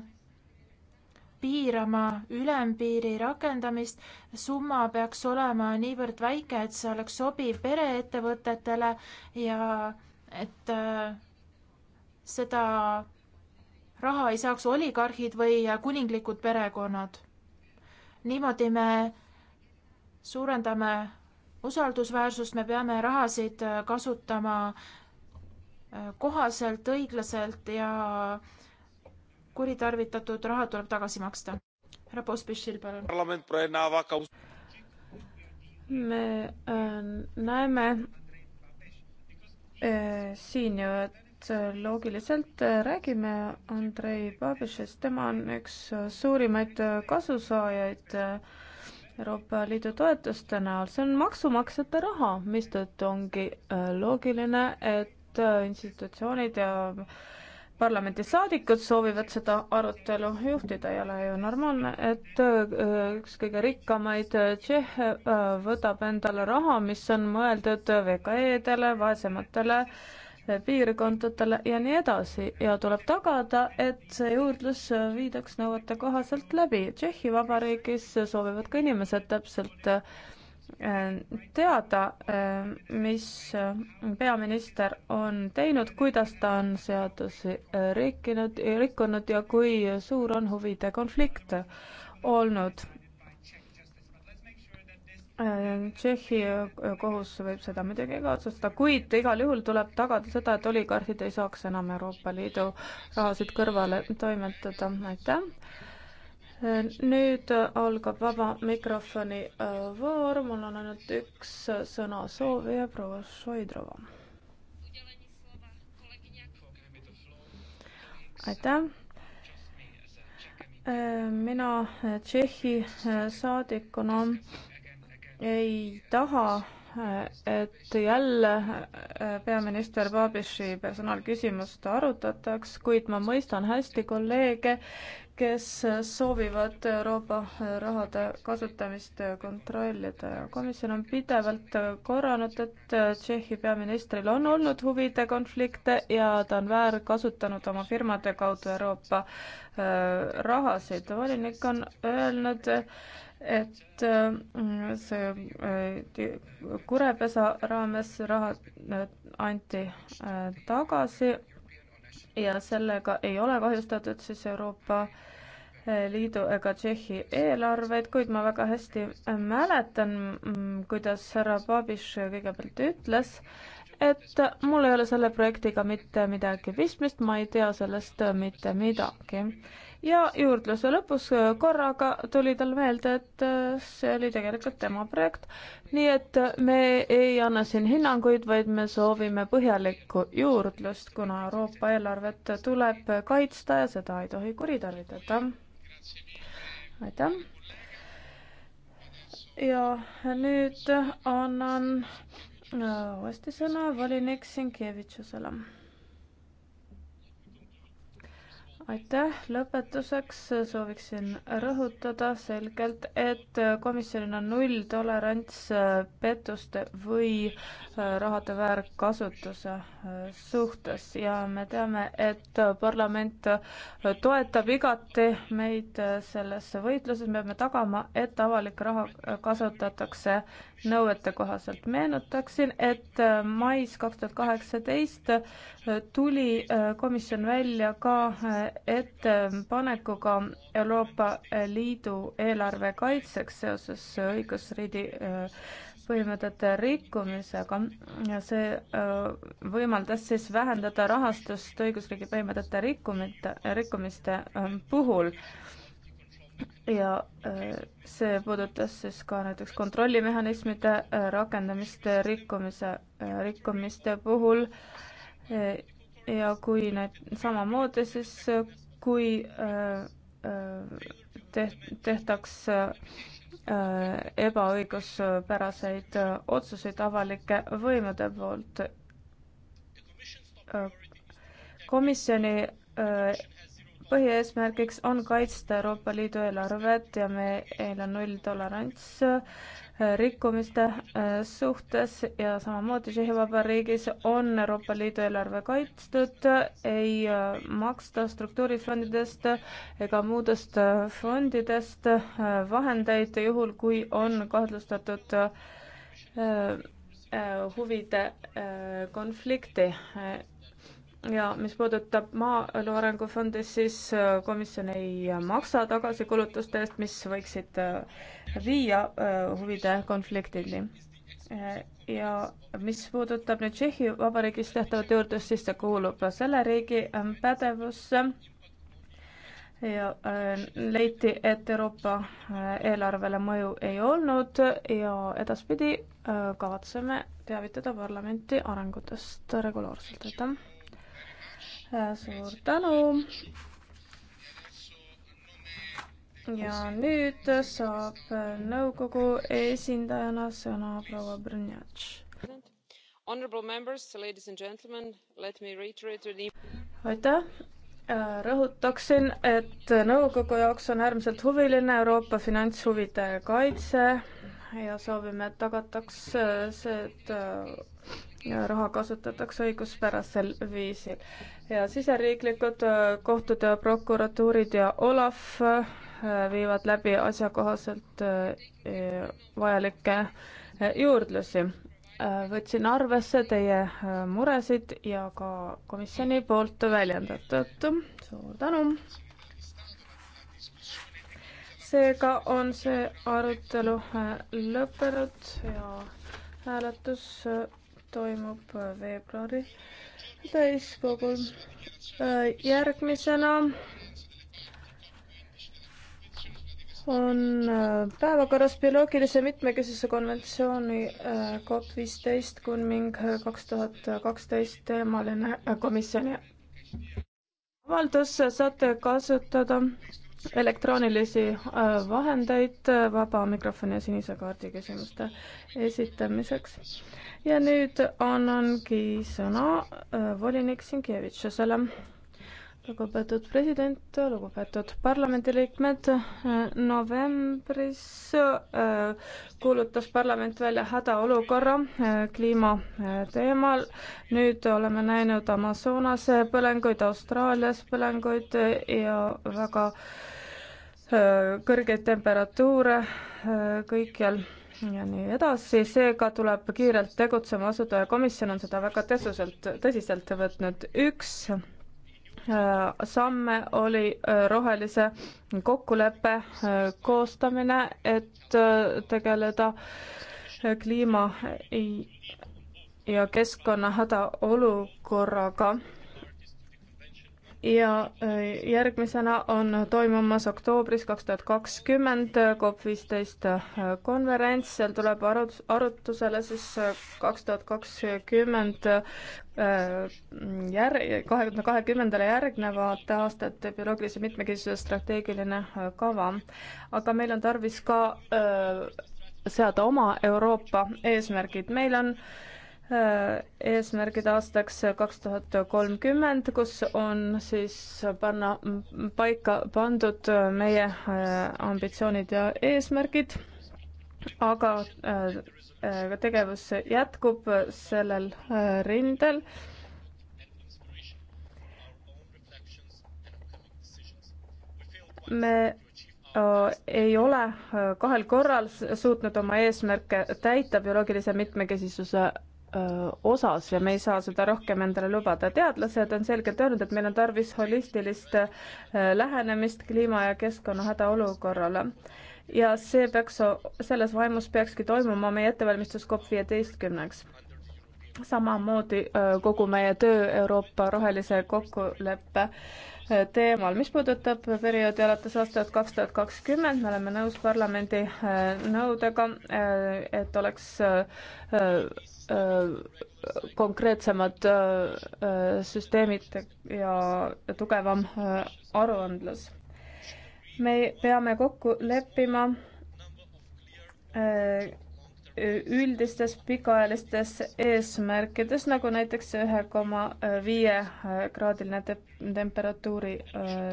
piirama ülempiiri rakendamist. summa peaks olema niivõrd väike, et see oleks sobiv pereettevõtetele ja et äh, seda raha ei saaks oligarhid või äh, kuninglikud perekonnad. niimoodi me suurendame usaldusväärsust, me peame rahasid äh, kasutama äh, kohaselt, õiglaselt ja kuritarvitatud raha tuleb tagasi maksta. härra Pospišil, palun. me äh, näeme äh, siin ju, et äh, loogiliselt räägime Andrei Babišist, tema on üks suurimaid kasusaajaid äh, Euroopa Liidu toetuste näol, see on maksumaksjate raha, mistõttu ongi äh, loogiline, et äh, institutsioonid ja parlamendisaadikud soovivad seda arutelu juhtida, ei ole ju normaalne, et äh, üks kõige rikkamaid Tšehhe võtab endale raha, mis on mõeldud VKE-dele, vaesematele äh, piirkondadele ja nii edasi ja tuleb tagada, et see juurdlus viidaks nõuete kohaselt läbi. Tšehhi Vabariigis soovivad ka inimesed täpselt äh, teada, äh, mis peaminister on teinud, kuidas ta on seadusi äh, rikkinud, rikkunud ja kui suur on huvide konflikt olnud Äh, Tšehhi äh, kohus võib seda muidugi ka otsustada, kuid igal juhul tuleb tagada seda, et oligarhid ei saaks enam Euroopa Liidu rahasid kõrvale toimetada, aitäh. Äh, nüüd algab vaba mikrofoni voor, mul on ainult üks sõnasoovija, proua Šoidrova. aitäh mina Tšehhi saadikuna ei taha, et jälle äh, peaminister Babiši personaalküsimust arutataks, kuid ma mõistan hästi kolleege, kes soovivad Euroopa rahade kasutamist kontrollida ja komisjon on pidevalt korranud, et Tšehhi peaministril on olnud huvide konflikte ja ta on väärkasutanud oma firmade kaudu Euroopa äh, rahasid. volinik on öelnud, et äh, see äh, kurepesa raames raha äh, anti tagasi ja sellega ei ole kahjustatud siis Euroopa Liidu ega Tšehhi eelarveid, kuid ma väga hästi mäletan, mm, kuidas härra Babiš kõigepealt ütles, et mul ei ole selle projektiga mitte midagi pistmist, ma ei tea sellest mitte midagi ja juurdluse lõpus äh, korraga tuli tal meelde, et äh, see oli tegelikult tema projekt. nii et äh, me ei anna siin hinnanguid, vaid me soovime põhjalikku juurdlust, kuna Euroopa eelarvet tuleb kaitsta ja seda ei tohi kuritarvitada. aitäh! ja nüüd annan uuesti sõna volinik Sinkevitšusele aitäh, lõpetuseks sooviksin rõhutada selgelt, et komisjonil on nulltolerants pettuste või äh, rahade väärkasutuse äh, suhtes ja me teame, et parlament äh, toetab igati meid selles võitluses, me peame tagama, et avalik raha kasutatakse nõuete kohaselt. meenutaksin, et äh, mais kaks tuhat kaheksateist äh, tuli äh, komisjon välja ka ettepanekuga Euroopa Liidu eelarve kaitseks seoses õigusriigi põhimõtete rikkumisega ja see võimaldas siis vähendada rahastust õigusriigi põhimõtete rikkumite, rikkumiste puhul ja äh, see puudutas siis ka näiteks kontrollimehhanismide äh, rakendamist rikkumise, äh, rikkumiste puhul. ja kui need samamoodi siis, kui teht-, tehtaks ebaõiguspäraseid otsuseid avalike võimude poolt. komisjoni põhieesmärgiks on kaitsta Euroopa Liidu eelarvet ja meil on nulltolerants äh, rikkumiste äh, suhtes ja samamoodi Tšehhi Vabariigis on Euroopa Liidu eelarve kaitstud, ei äh, maksta struktuurifondidest ega muudest fondidest vahendeid, juhul kui on kahtlustatud huvide konflikti ja mis puudutab Maaelu Arengu Fondist, siis äh, komisjon ei äh, maksa tagasi kulutuste eest, mis võiksid äh, viia huvide konfliktini. ja mis puudutab nüüd Tšehhi Vabariigis tehtavat juurdlust, siis see kuulub selle riigi pädevusse ja leiti, et Euroopa eelarvele mõju ei olnud ja edaspidi kavatseme teavitada parlamenti arengutest regulaarselt, aitäh! Äh, suur tänu. ja nüüd saab äh, nõukogu esindajana sõna proua Brnjatš. aitäh, äh, rõhutaksin, et nõukogu jaoks on äärmiselt huviline Euroopa finantshuvide kaitse ja soovime, et tagataks see, et raha kasutatakse õiguspärasel viisil. ja siseriiklikud äh, kohtud ja prokuratuurid ja Olav äh, viivad läbi asjakohaselt äh, vajalikke juurdlusi. võtsin arvesse teie muresid ja ka komisjoni poolt väljendatud. suur tänu! seega on see arutelu lõppenud ja hääletus toimub äh, veebruari täiskogul. Äh, järgmisena on äh, päevakorras bioloogilise mitmekesisuse konventsiooni COP viisteist Kunming kaks tuhat kaksteist teemaline komisjoni avaldus, saate kasutada elektroonilisi vahendeid vaba mikrofoni ja sinise kaardi küsimuste esitamiseks ja nüüd annangi sõna äh, volinik Sinkevitšusele. lugupeetud president, lugupeetud parlamendiliikmed, äh, novembris äh, kuulutas parlament välja hädaolukorra kliima teemal. nüüd oleme näinud Amazonase põlenguid, Austraalias põlenguid ja väga kõrgeid temperatuure kõikjal ja nii edasi, seega tuleb kiirelt tegutsema asuda ja komisjon on seda väga tõsuselt, tõsiselt võtnud. üks äh, samme oli äh, rohelise kokkuleppe äh, koostamine, et tegeleda kliima ja keskkonna hädaolukorraga ja äh, järgmisena on toimumas oktoobris kaks tuhat kakskümmend äh, COP viisteist äh, konverents, seal tuleb arut-, arutusele siis kaks tuhat kakskümmend jär-, kahekümne kahekümnendale järgnevate aastate bioloogilise mitmekesisuse strateegiline kava. aga meil on tarvis ka seada oma Euroopa eesmärgid, meil on äh, Äh, eesmärgid aastaks kaks tuhat kolmkümmend, kus on siis panna paika pandud meie äh, ambitsioonid ja eesmärgid, aga äh, tegevus jätkub sellel rindel. me ei ole kahel korral suutnud oma eesmärke täita bioloogilise mitmekesisuse osas ja me ei saa seda rohkem endale lubada. teadlased on selgelt öelnud, et meil on tarvis holistilist lähenemist kliima ja keskkonna hädaolukorrale ja see peaks, selles vaimus peakski toimuma meie ettevalmistus COP viieteistkümneks samamoodi kogu meie töö Euroopa rohelise kokkuleppe teemal. mis puudutab perioodi alates aastast kaks tuhat kakskümmend, me oleme nõus parlamendi äh, nõudega, äh, et oleks äh, konkreetsemad süsteemid ja tugevam aruandlus. me peame kokku leppima üldistes pikaajalistes eesmärkides, nagu näiteks ühe koma viie kraadiline te temperatuuri äh,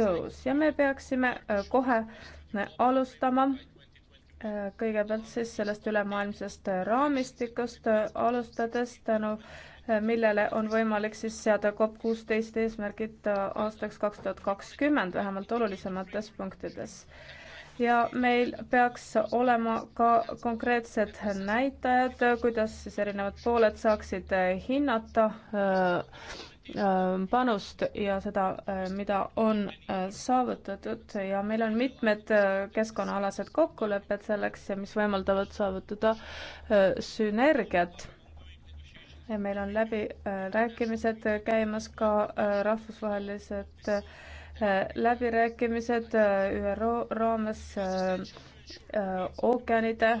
tõus ja me peaksime äh, kohe äh, alustama kõigepealt siis sellest ülemaailmsest raamistikust alustades tänu millele on võimalik siis seada COP kuusteist eesmärgid aastaks kaks tuhat kakskümmend vähemalt olulisemates punktides ja meil peaks olema ka konkreetsed näitajad, kuidas siis erinevad pooled saaksid äh, hinnata äh, äh, panust ja seda, mida on saavutatud ja meil on mitmed keskkonnaalased kokkulepped selleks, mis võimaldavad saavutada sünergiat ja meil on läbirääkimised käimas ka rahvusvahelised läbirääkimised äh, ÜRO raames äh, äh, ookeanide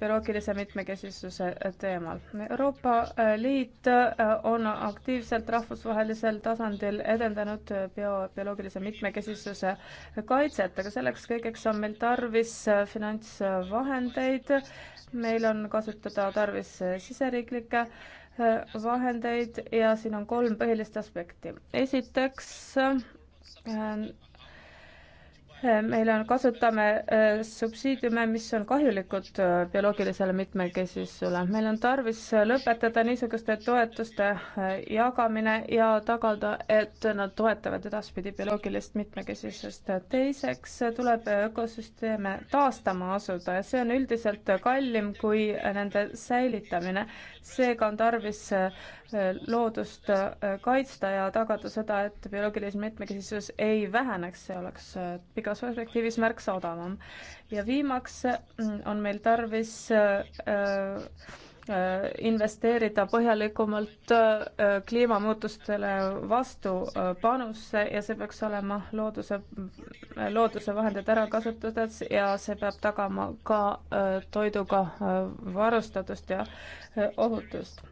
bioloogilise mitmekesisuse teemal. Euroopa Liit on aktiivselt rahvusvahelisel tasandil edendanud bio, bioloogilise mitmekesisuse kaitset, aga selleks kõigeks on meil tarvis finantsvahendeid, meil on kasutada tarvis siseriiklikke vahendeid ja siin on kolm põhilist aspekti. esiteks Ehm, meil on, kasutame ehm, subsiidiume, mis on kahjulikud ehm, bioloogilisele mitmekesisusele. meil on tarvis lõpetada niisuguste toetuste jagamine ja tagada, et nad toetavad edaspidi bioloogilist mitmekesisust. teiseks tuleb ökosüsteeme taastama asuda ja see on üldiselt kallim kui nende säilitamine. seega on tarvis Äh, loodust äh, kaitsta ja tagada seda, et bioloogiline mitmekesisus ei väheneks, see oleks äh, pikas perspektiivis märksa odavam. ja viimaks mm, on meil tarvis investeerida põhjalikumalt kliimamuutustele vastupanusse ja see peaks olema looduse, looduse vahendid ära kasutatud ja see peab tagama ka toiduga varustatust ja ohutust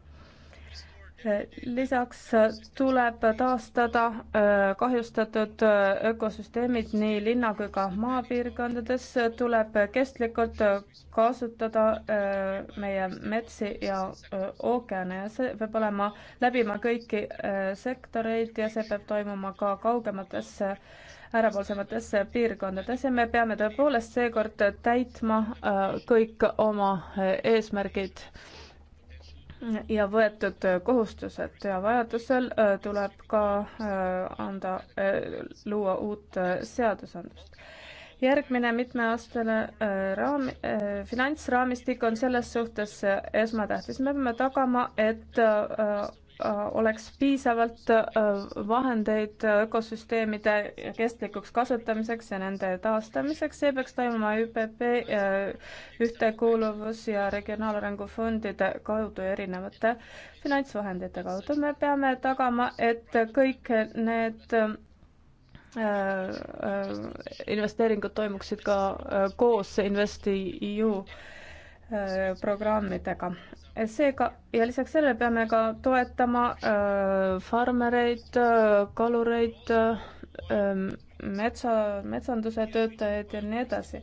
lisaks tuleb taastada äh, kahjustatud äh, ökosüsteemid nii linna kui ka maapiirkondades, tuleb kestlikult äh, kasutada meie metsi ja ookeane ja see peab olema, läbima kõiki sektoreid ja see peab toimuma ka kaugematesse äärepoolsematesse piirkondadesse, me peame tõepoolest seekord täitma kõik oma eesmärgid ja võetud äh, kohustused ja vajadusel äh, tuleb ka äh, anda, luua uut seadusandlust. järgmine mitmeaastane raam, finantsraamistik on selles suhtes esmatähtis. me peame tagama, et Äh, oleks piisavalt äh, vahendeid ökosüsteemide kestlikuks kasutamiseks ja nende taastamiseks, see peaks toimuma ÜPP äh, ühtekuuluvus- ja regionaalarengu fondide kaudu erinevate finantsvahendite kaudu. me peame tagama, et kõik need investeeringud toimuksid ka koos InvestEU programmidega seega ja lisaks sellele peame ka toetama äh, farmereid äh,, kalureid äh,, ähm, metsa, metsanduse töötajaid ja nii edasi.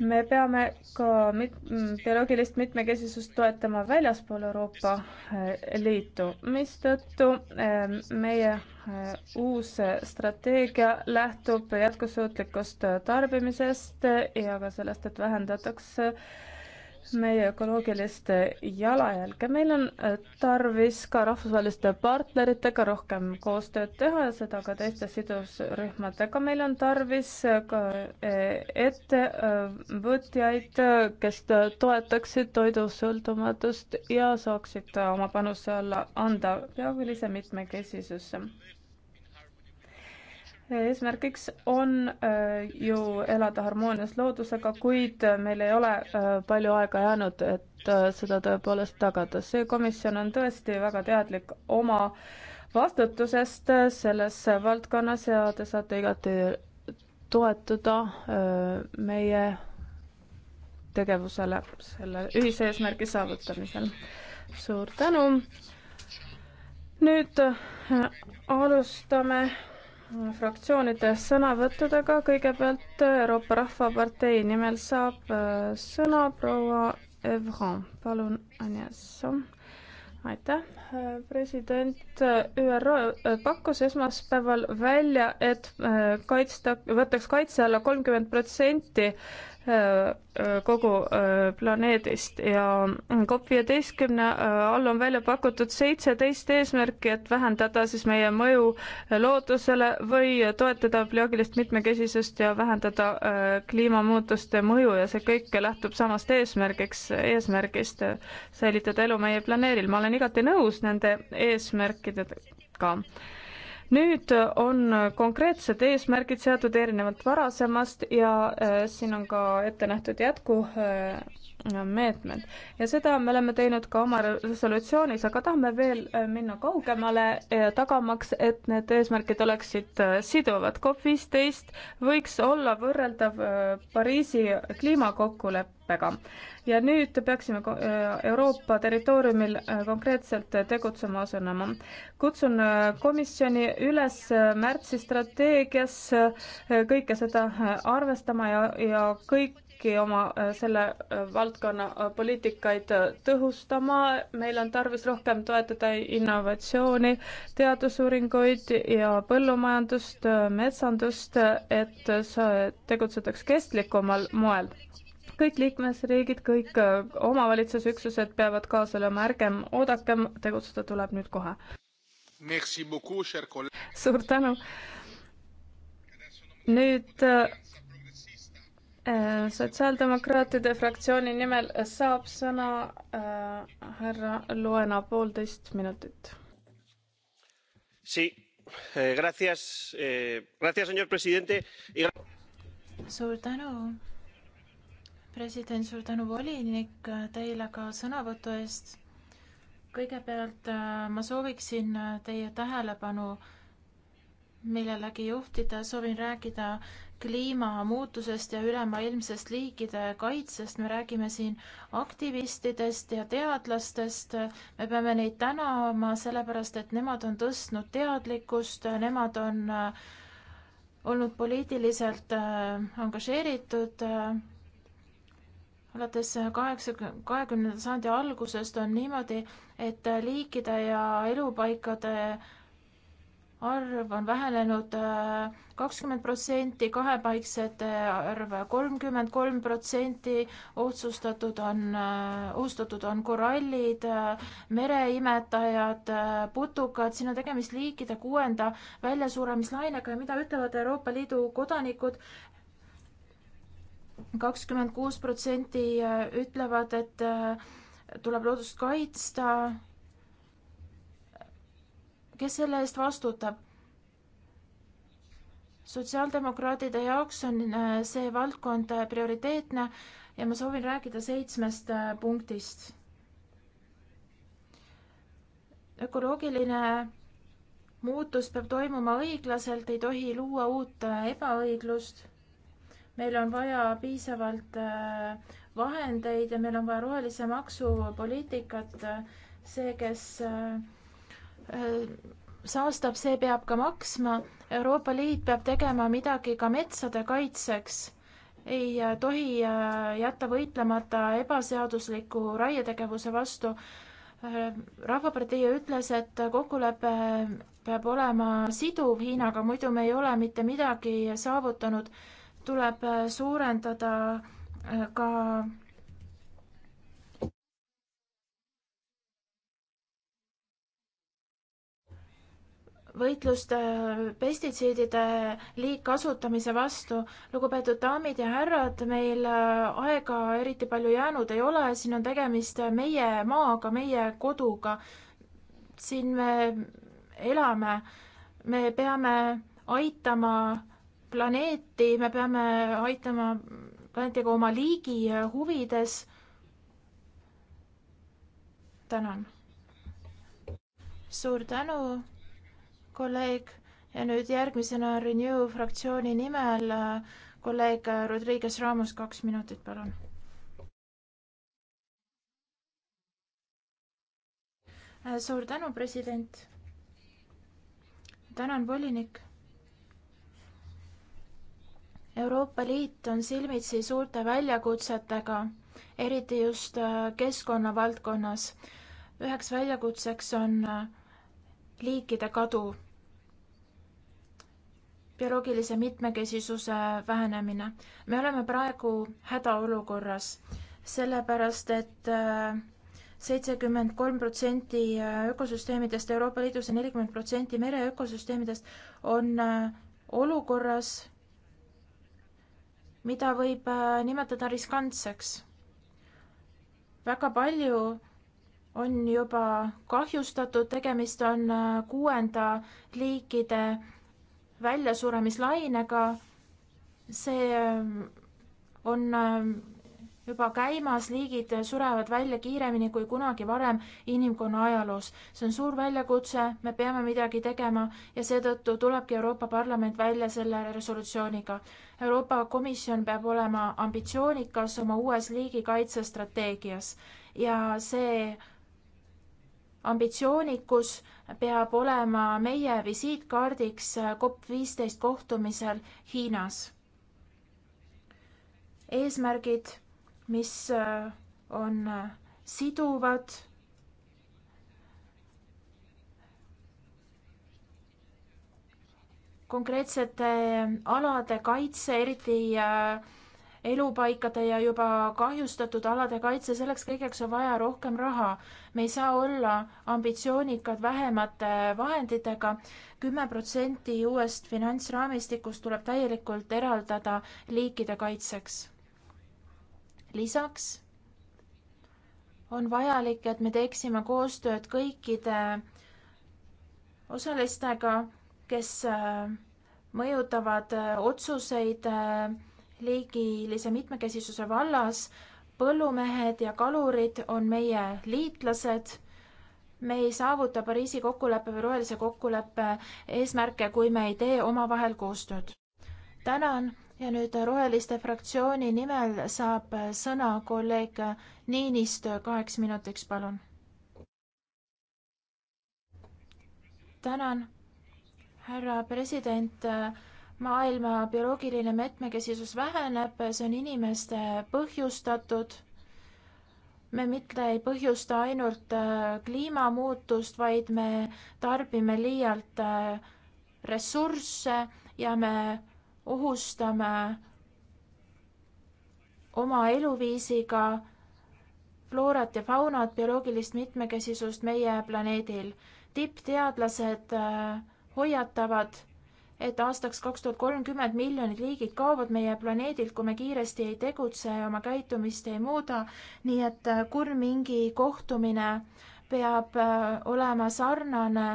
me peame ka mit-, bioloogilist mitmekesisust toetama väljaspool Euroopa äh, Liitu, mistõttu äh, meie äh, uus strateegia lähtub jätkusuutlikust tarbimisest ja ka sellest, et vähendatakse äh, meie ökoloogilist jalajälge. meil on äh, tarvis ka rahvusvaheliste partneritega rohkem koostööd teha ja seda ka teiste sidusrühmadega. meil on tarvis äh, ka äh, ettevõtjaid, kes toetaksid toidusõltumatust ja saaksid oma panuse alla anda bioloogilise mitmekesisusse eesmärgiks on äh, ju elada harmoonias loodusega, kuid äh, meil ei ole äh, palju aega jäänud, et seda tõepoolest tagada. see komisjon on tõesti väga teadlik oma vastutusest selles valdkonnas ja te saate igati toetuda meie tegevusele selle ühise eesmärgi saavutamisel. suur tänu. nüüd alustame fraktsioonide sõnavõttudega. kõigepealt Euroopa Rahvapartei nimel saab äh, sõna proua Evran, palun, Agnes. aitäh, äh, president ÜRO äh, pakkus esmaspäeval välja, et kaitsta, võtaks kaitse alla kolmkümmend protsenti Äh, äh, kogu äh, planeedist ja COP viieteistkümne all on välja pakutud seitseteist eesmärki, et vähendada siis meie mõju loodusele või toetada bioloogilist mitmekesisust ja vähendada kliimamuutuste mõju ja see kõik lähtub samast eesmärgiks, eesmärgist säilitada elu meie planeeril. ma olen igati nõus nende eesmärkidega nüüd on konkreetsed eesmärgid seatud erinevalt varasemast ja äh, siin on ka ette nähtud jätku äh, meetmed ja seda me oleme teinud ka oma resolutsioonis, aga tahame veel äh, minna kaugemale, äh, tagamaks, et need eesmärgid oleksid äh, siduvad. COP viisteist võiks olla võrreldav Pariisi kliimakokkuleppega ja nüüd peaksime Euroopa territooriumil konkreetselt tegutsema asunema. kutsun komisjoni üles märtsi strateegias kõike seda arvestama ja, ja kõik peabki oma äh, selle äh, valdkonna äh, poliitikaid tõhustama, meil on tarvis rohkem toetada innovatsiooni, teadusuuringuid ja põllumajandust, metsandust, et tegutsetaks kestlikumal moel kõik liikmesriigid, kõik omavalitsusüksused peavad kaasa lööma, ärgem oodakem, tegutseda tuleb nüüd kohe. suur tänu. nüüd Äh, sotsiaaldemokraatide fraktsiooni nimel saab sõna äh, härra Loena, poolteist minutit. Eh, eh, suur tänu, president, suur tänu, volinik, äh, teile ka sõnavõtu eest. kõigepealt äh, ma sooviksin teie tähelepanu äh, millelegi juhtida, soovin rääkida kliimamuutusest ja ülemaailmsest liikide kaitsest, me räägime siin aktivistidest ja teadlastest, me peame neid tänama, sellepärast et nemad on tõstnud teadlikkust, nemad on äh, olnud poliitiliselt äh, angažeeritud äh, alates kaheksakümne, kahekümnenda sajandi algusest on niimoodi, et liikide ja elupaikade arv on vähenenud äh, kakskümmend protsenti, kahepaiksete arv kolmkümmend kolm protsenti, otsustatud on, äh, ohustatud on korallid, äh, mereimetajad, putukad, siin on tegemist liikide kuuenda väljasuremislainega ja mida ütlevad Euroopa Liidu kodanikud, kakskümmend kuus protsenti ütlevad, et tuleb loodust kaitsta kes selle eest vastutab? sotsiaaldemokraatide jaoks on äh, see valdkond äh, prioriteetne ja ma soovin rääkida seitsmest äh, punktist. ökoloogiline muutus peab toimuma õiglaselt, ei tohi luua uut ebaõiglust. meil on vaja piisavalt vahendeid ja meil on vaja rohelise maksu poliitikat. see, kes Äh, saastab, see peab ka maksma. Euroopa Liit peab tegema midagi ka metsade kaitseks. ei äh, tohi äh, jätta võitlemata ebaseadusliku raietegevuse vastu. rahvapartei ütles, et kokkulepe peab olema siduv Hiinaga, muidu me ei ole mitte midagi saavutanud. tuleb suurendada ka võitlust äh, pestitsiidide liigkasutamise vastu. lugupeetud daamid ja härrad, meil äh, aega eriti palju jäänud ei ole, siin on tegemist äh, meie maaga, meie koduga. siin me elame, me peame aitama planeeti, me peame aitama planeetiga oma liigi huvides. tänan. suur tänu kolleeg ja nüüd järgmisena Renew fraktsiooni nimel äh, kolleeg Rodriguez Ramos, kaks minutit, palun. Äh, suur tänu, president. tänan, volinik. Euroopa Liit on silmitsi suurte väljakutsetega, eriti just äh, keskkonna valdkonnas. üheks väljakutseks on liikide kadu bioloogilise mitmekesisuse vähenemine. me oleme praegu hädaolukorras, sellepärast et äh, seitsekümmend kolm protsenti äh, ökosüsteemidest Euroopa Liidus ja nelikümmend protsenti mere ökosüsteemidest on äh, olukorras, mida võib nimetada riskantseks. väga palju on juba kahjustatud, tegemist on kuuenda liikide väljasuremislainega. see äh, on äh, juba käimas, liigid surevad välja kiiremini kui kunagi varem inimkonna ajaloos. see on suur väljakutse, me peame midagi tegema ja seetõttu tulebki Euroopa Parlament välja selle resolutsiooniga. Euroopa Komisjon peab olema ambitsioonikas oma uues liigikaitsestrateegias ja see ambitsioonikus peab olema meie visiitkaardiks COP viisteist kohtumisel Hiinas. eesmärgid, mis äh, on äh, siduvad, konkreetsete äh, alade kaitse, eriti äh, elupaikade ja juba kahjustatud alade kaitse, selleks kõigeks on vaja rohkem raha. me ei saa olla ambitsioonikad vähemate vahenditega. kümme protsenti uuest finantsraamistikust tuleb täielikult eraldada liikide kaitseks. lisaks on vajalik, et me teeksime koostööd kõikide osalistega, kes äh, mõjutavad äh, otsuseid äh, liigilise mitmekesisuse vallas põllumehed ja kalurid on meie liitlased. me ei saavuta Pariisi kokkuleppe või rohelise kokkuleppe eesmärke, kui me ei tee omavahel koostööd. tänan ja nüüd Roheliste fraktsiooni nimel saab sõna kolleeg Niinistö kaheks minutiks, palun. tänan, härra president maailma bioloogiline mitmekesisus väheneb, see on inimeste põhjustatud. me mitte ei põhjusta ainult äh, kliimamuutust, vaid me tarbime liialt äh, ressursse ja me ohustame oma eluviisiga floorat ja faunat, bioloogilist mitmekesisust meie planeedil. tippteadlased äh, hoiatavad et aastaks kaks tuhat kolmkümmend miljonid liigid kaovad meie planeedilt, kui me kiiresti ei tegutse ja oma käitumist ei muuda. nii et äh, kurmingi kohtumine peab äh, olema sarnane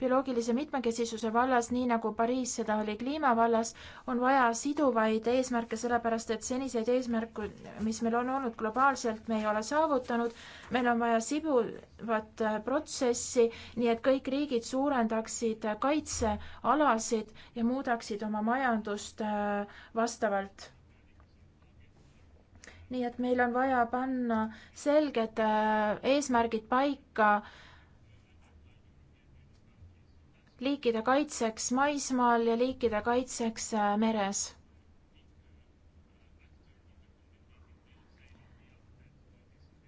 bioloogilise mitmekesisuse vallas, nii nagu Pariis seda oli kliima vallas, on vaja siduvaid eesmärke, sellepärast et seniseid eesmärke, mis meil on olnud globaalselt, me ei ole saavutanud. meil on vaja siduvat äh, protsessi, nii et kõik riigid suurendaksid kaitsealasid ja muudaksid oma majandust äh, vastavalt nii et meil on vaja panna selged äh, eesmärgid paika äh, liikide kaitseks maismaal ja liikide kaitseks äh, meres.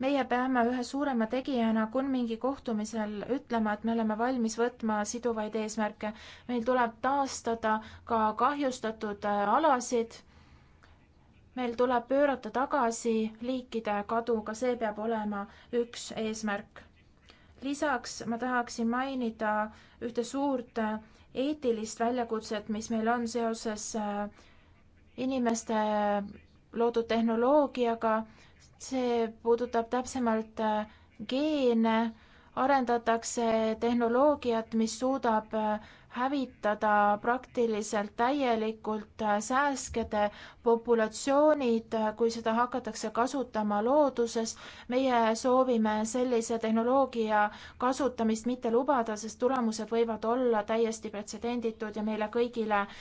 meie peame ühe suurema tegijana Kunmingi kohtumisel ütlema, et me oleme valmis võtma siduvaid eesmärke. meil tuleb taastada ka kahjustatud äh, alasid. meil tuleb pöörata tagasi liikide kadu, ka see peab olema üks eesmärk lisaks ma tahaksin mainida ühte suurt äh, eetilist väljakutset, mis meil on seoses äh, inimeste loodud tehnoloogiaga. see puudutab täpsemalt äh, geene, arendatakse tehnoloogiat, mis suudab hävitada praktiliselt täielikult äh, sääskede populatsioonid, äh, kui seda hakatakse kasutama looduses. meie soovime sellise tehnoloogia kasutamist mitte lubada, sest tulemused võivad olla täiesti pretsedenditud ja meile kõigile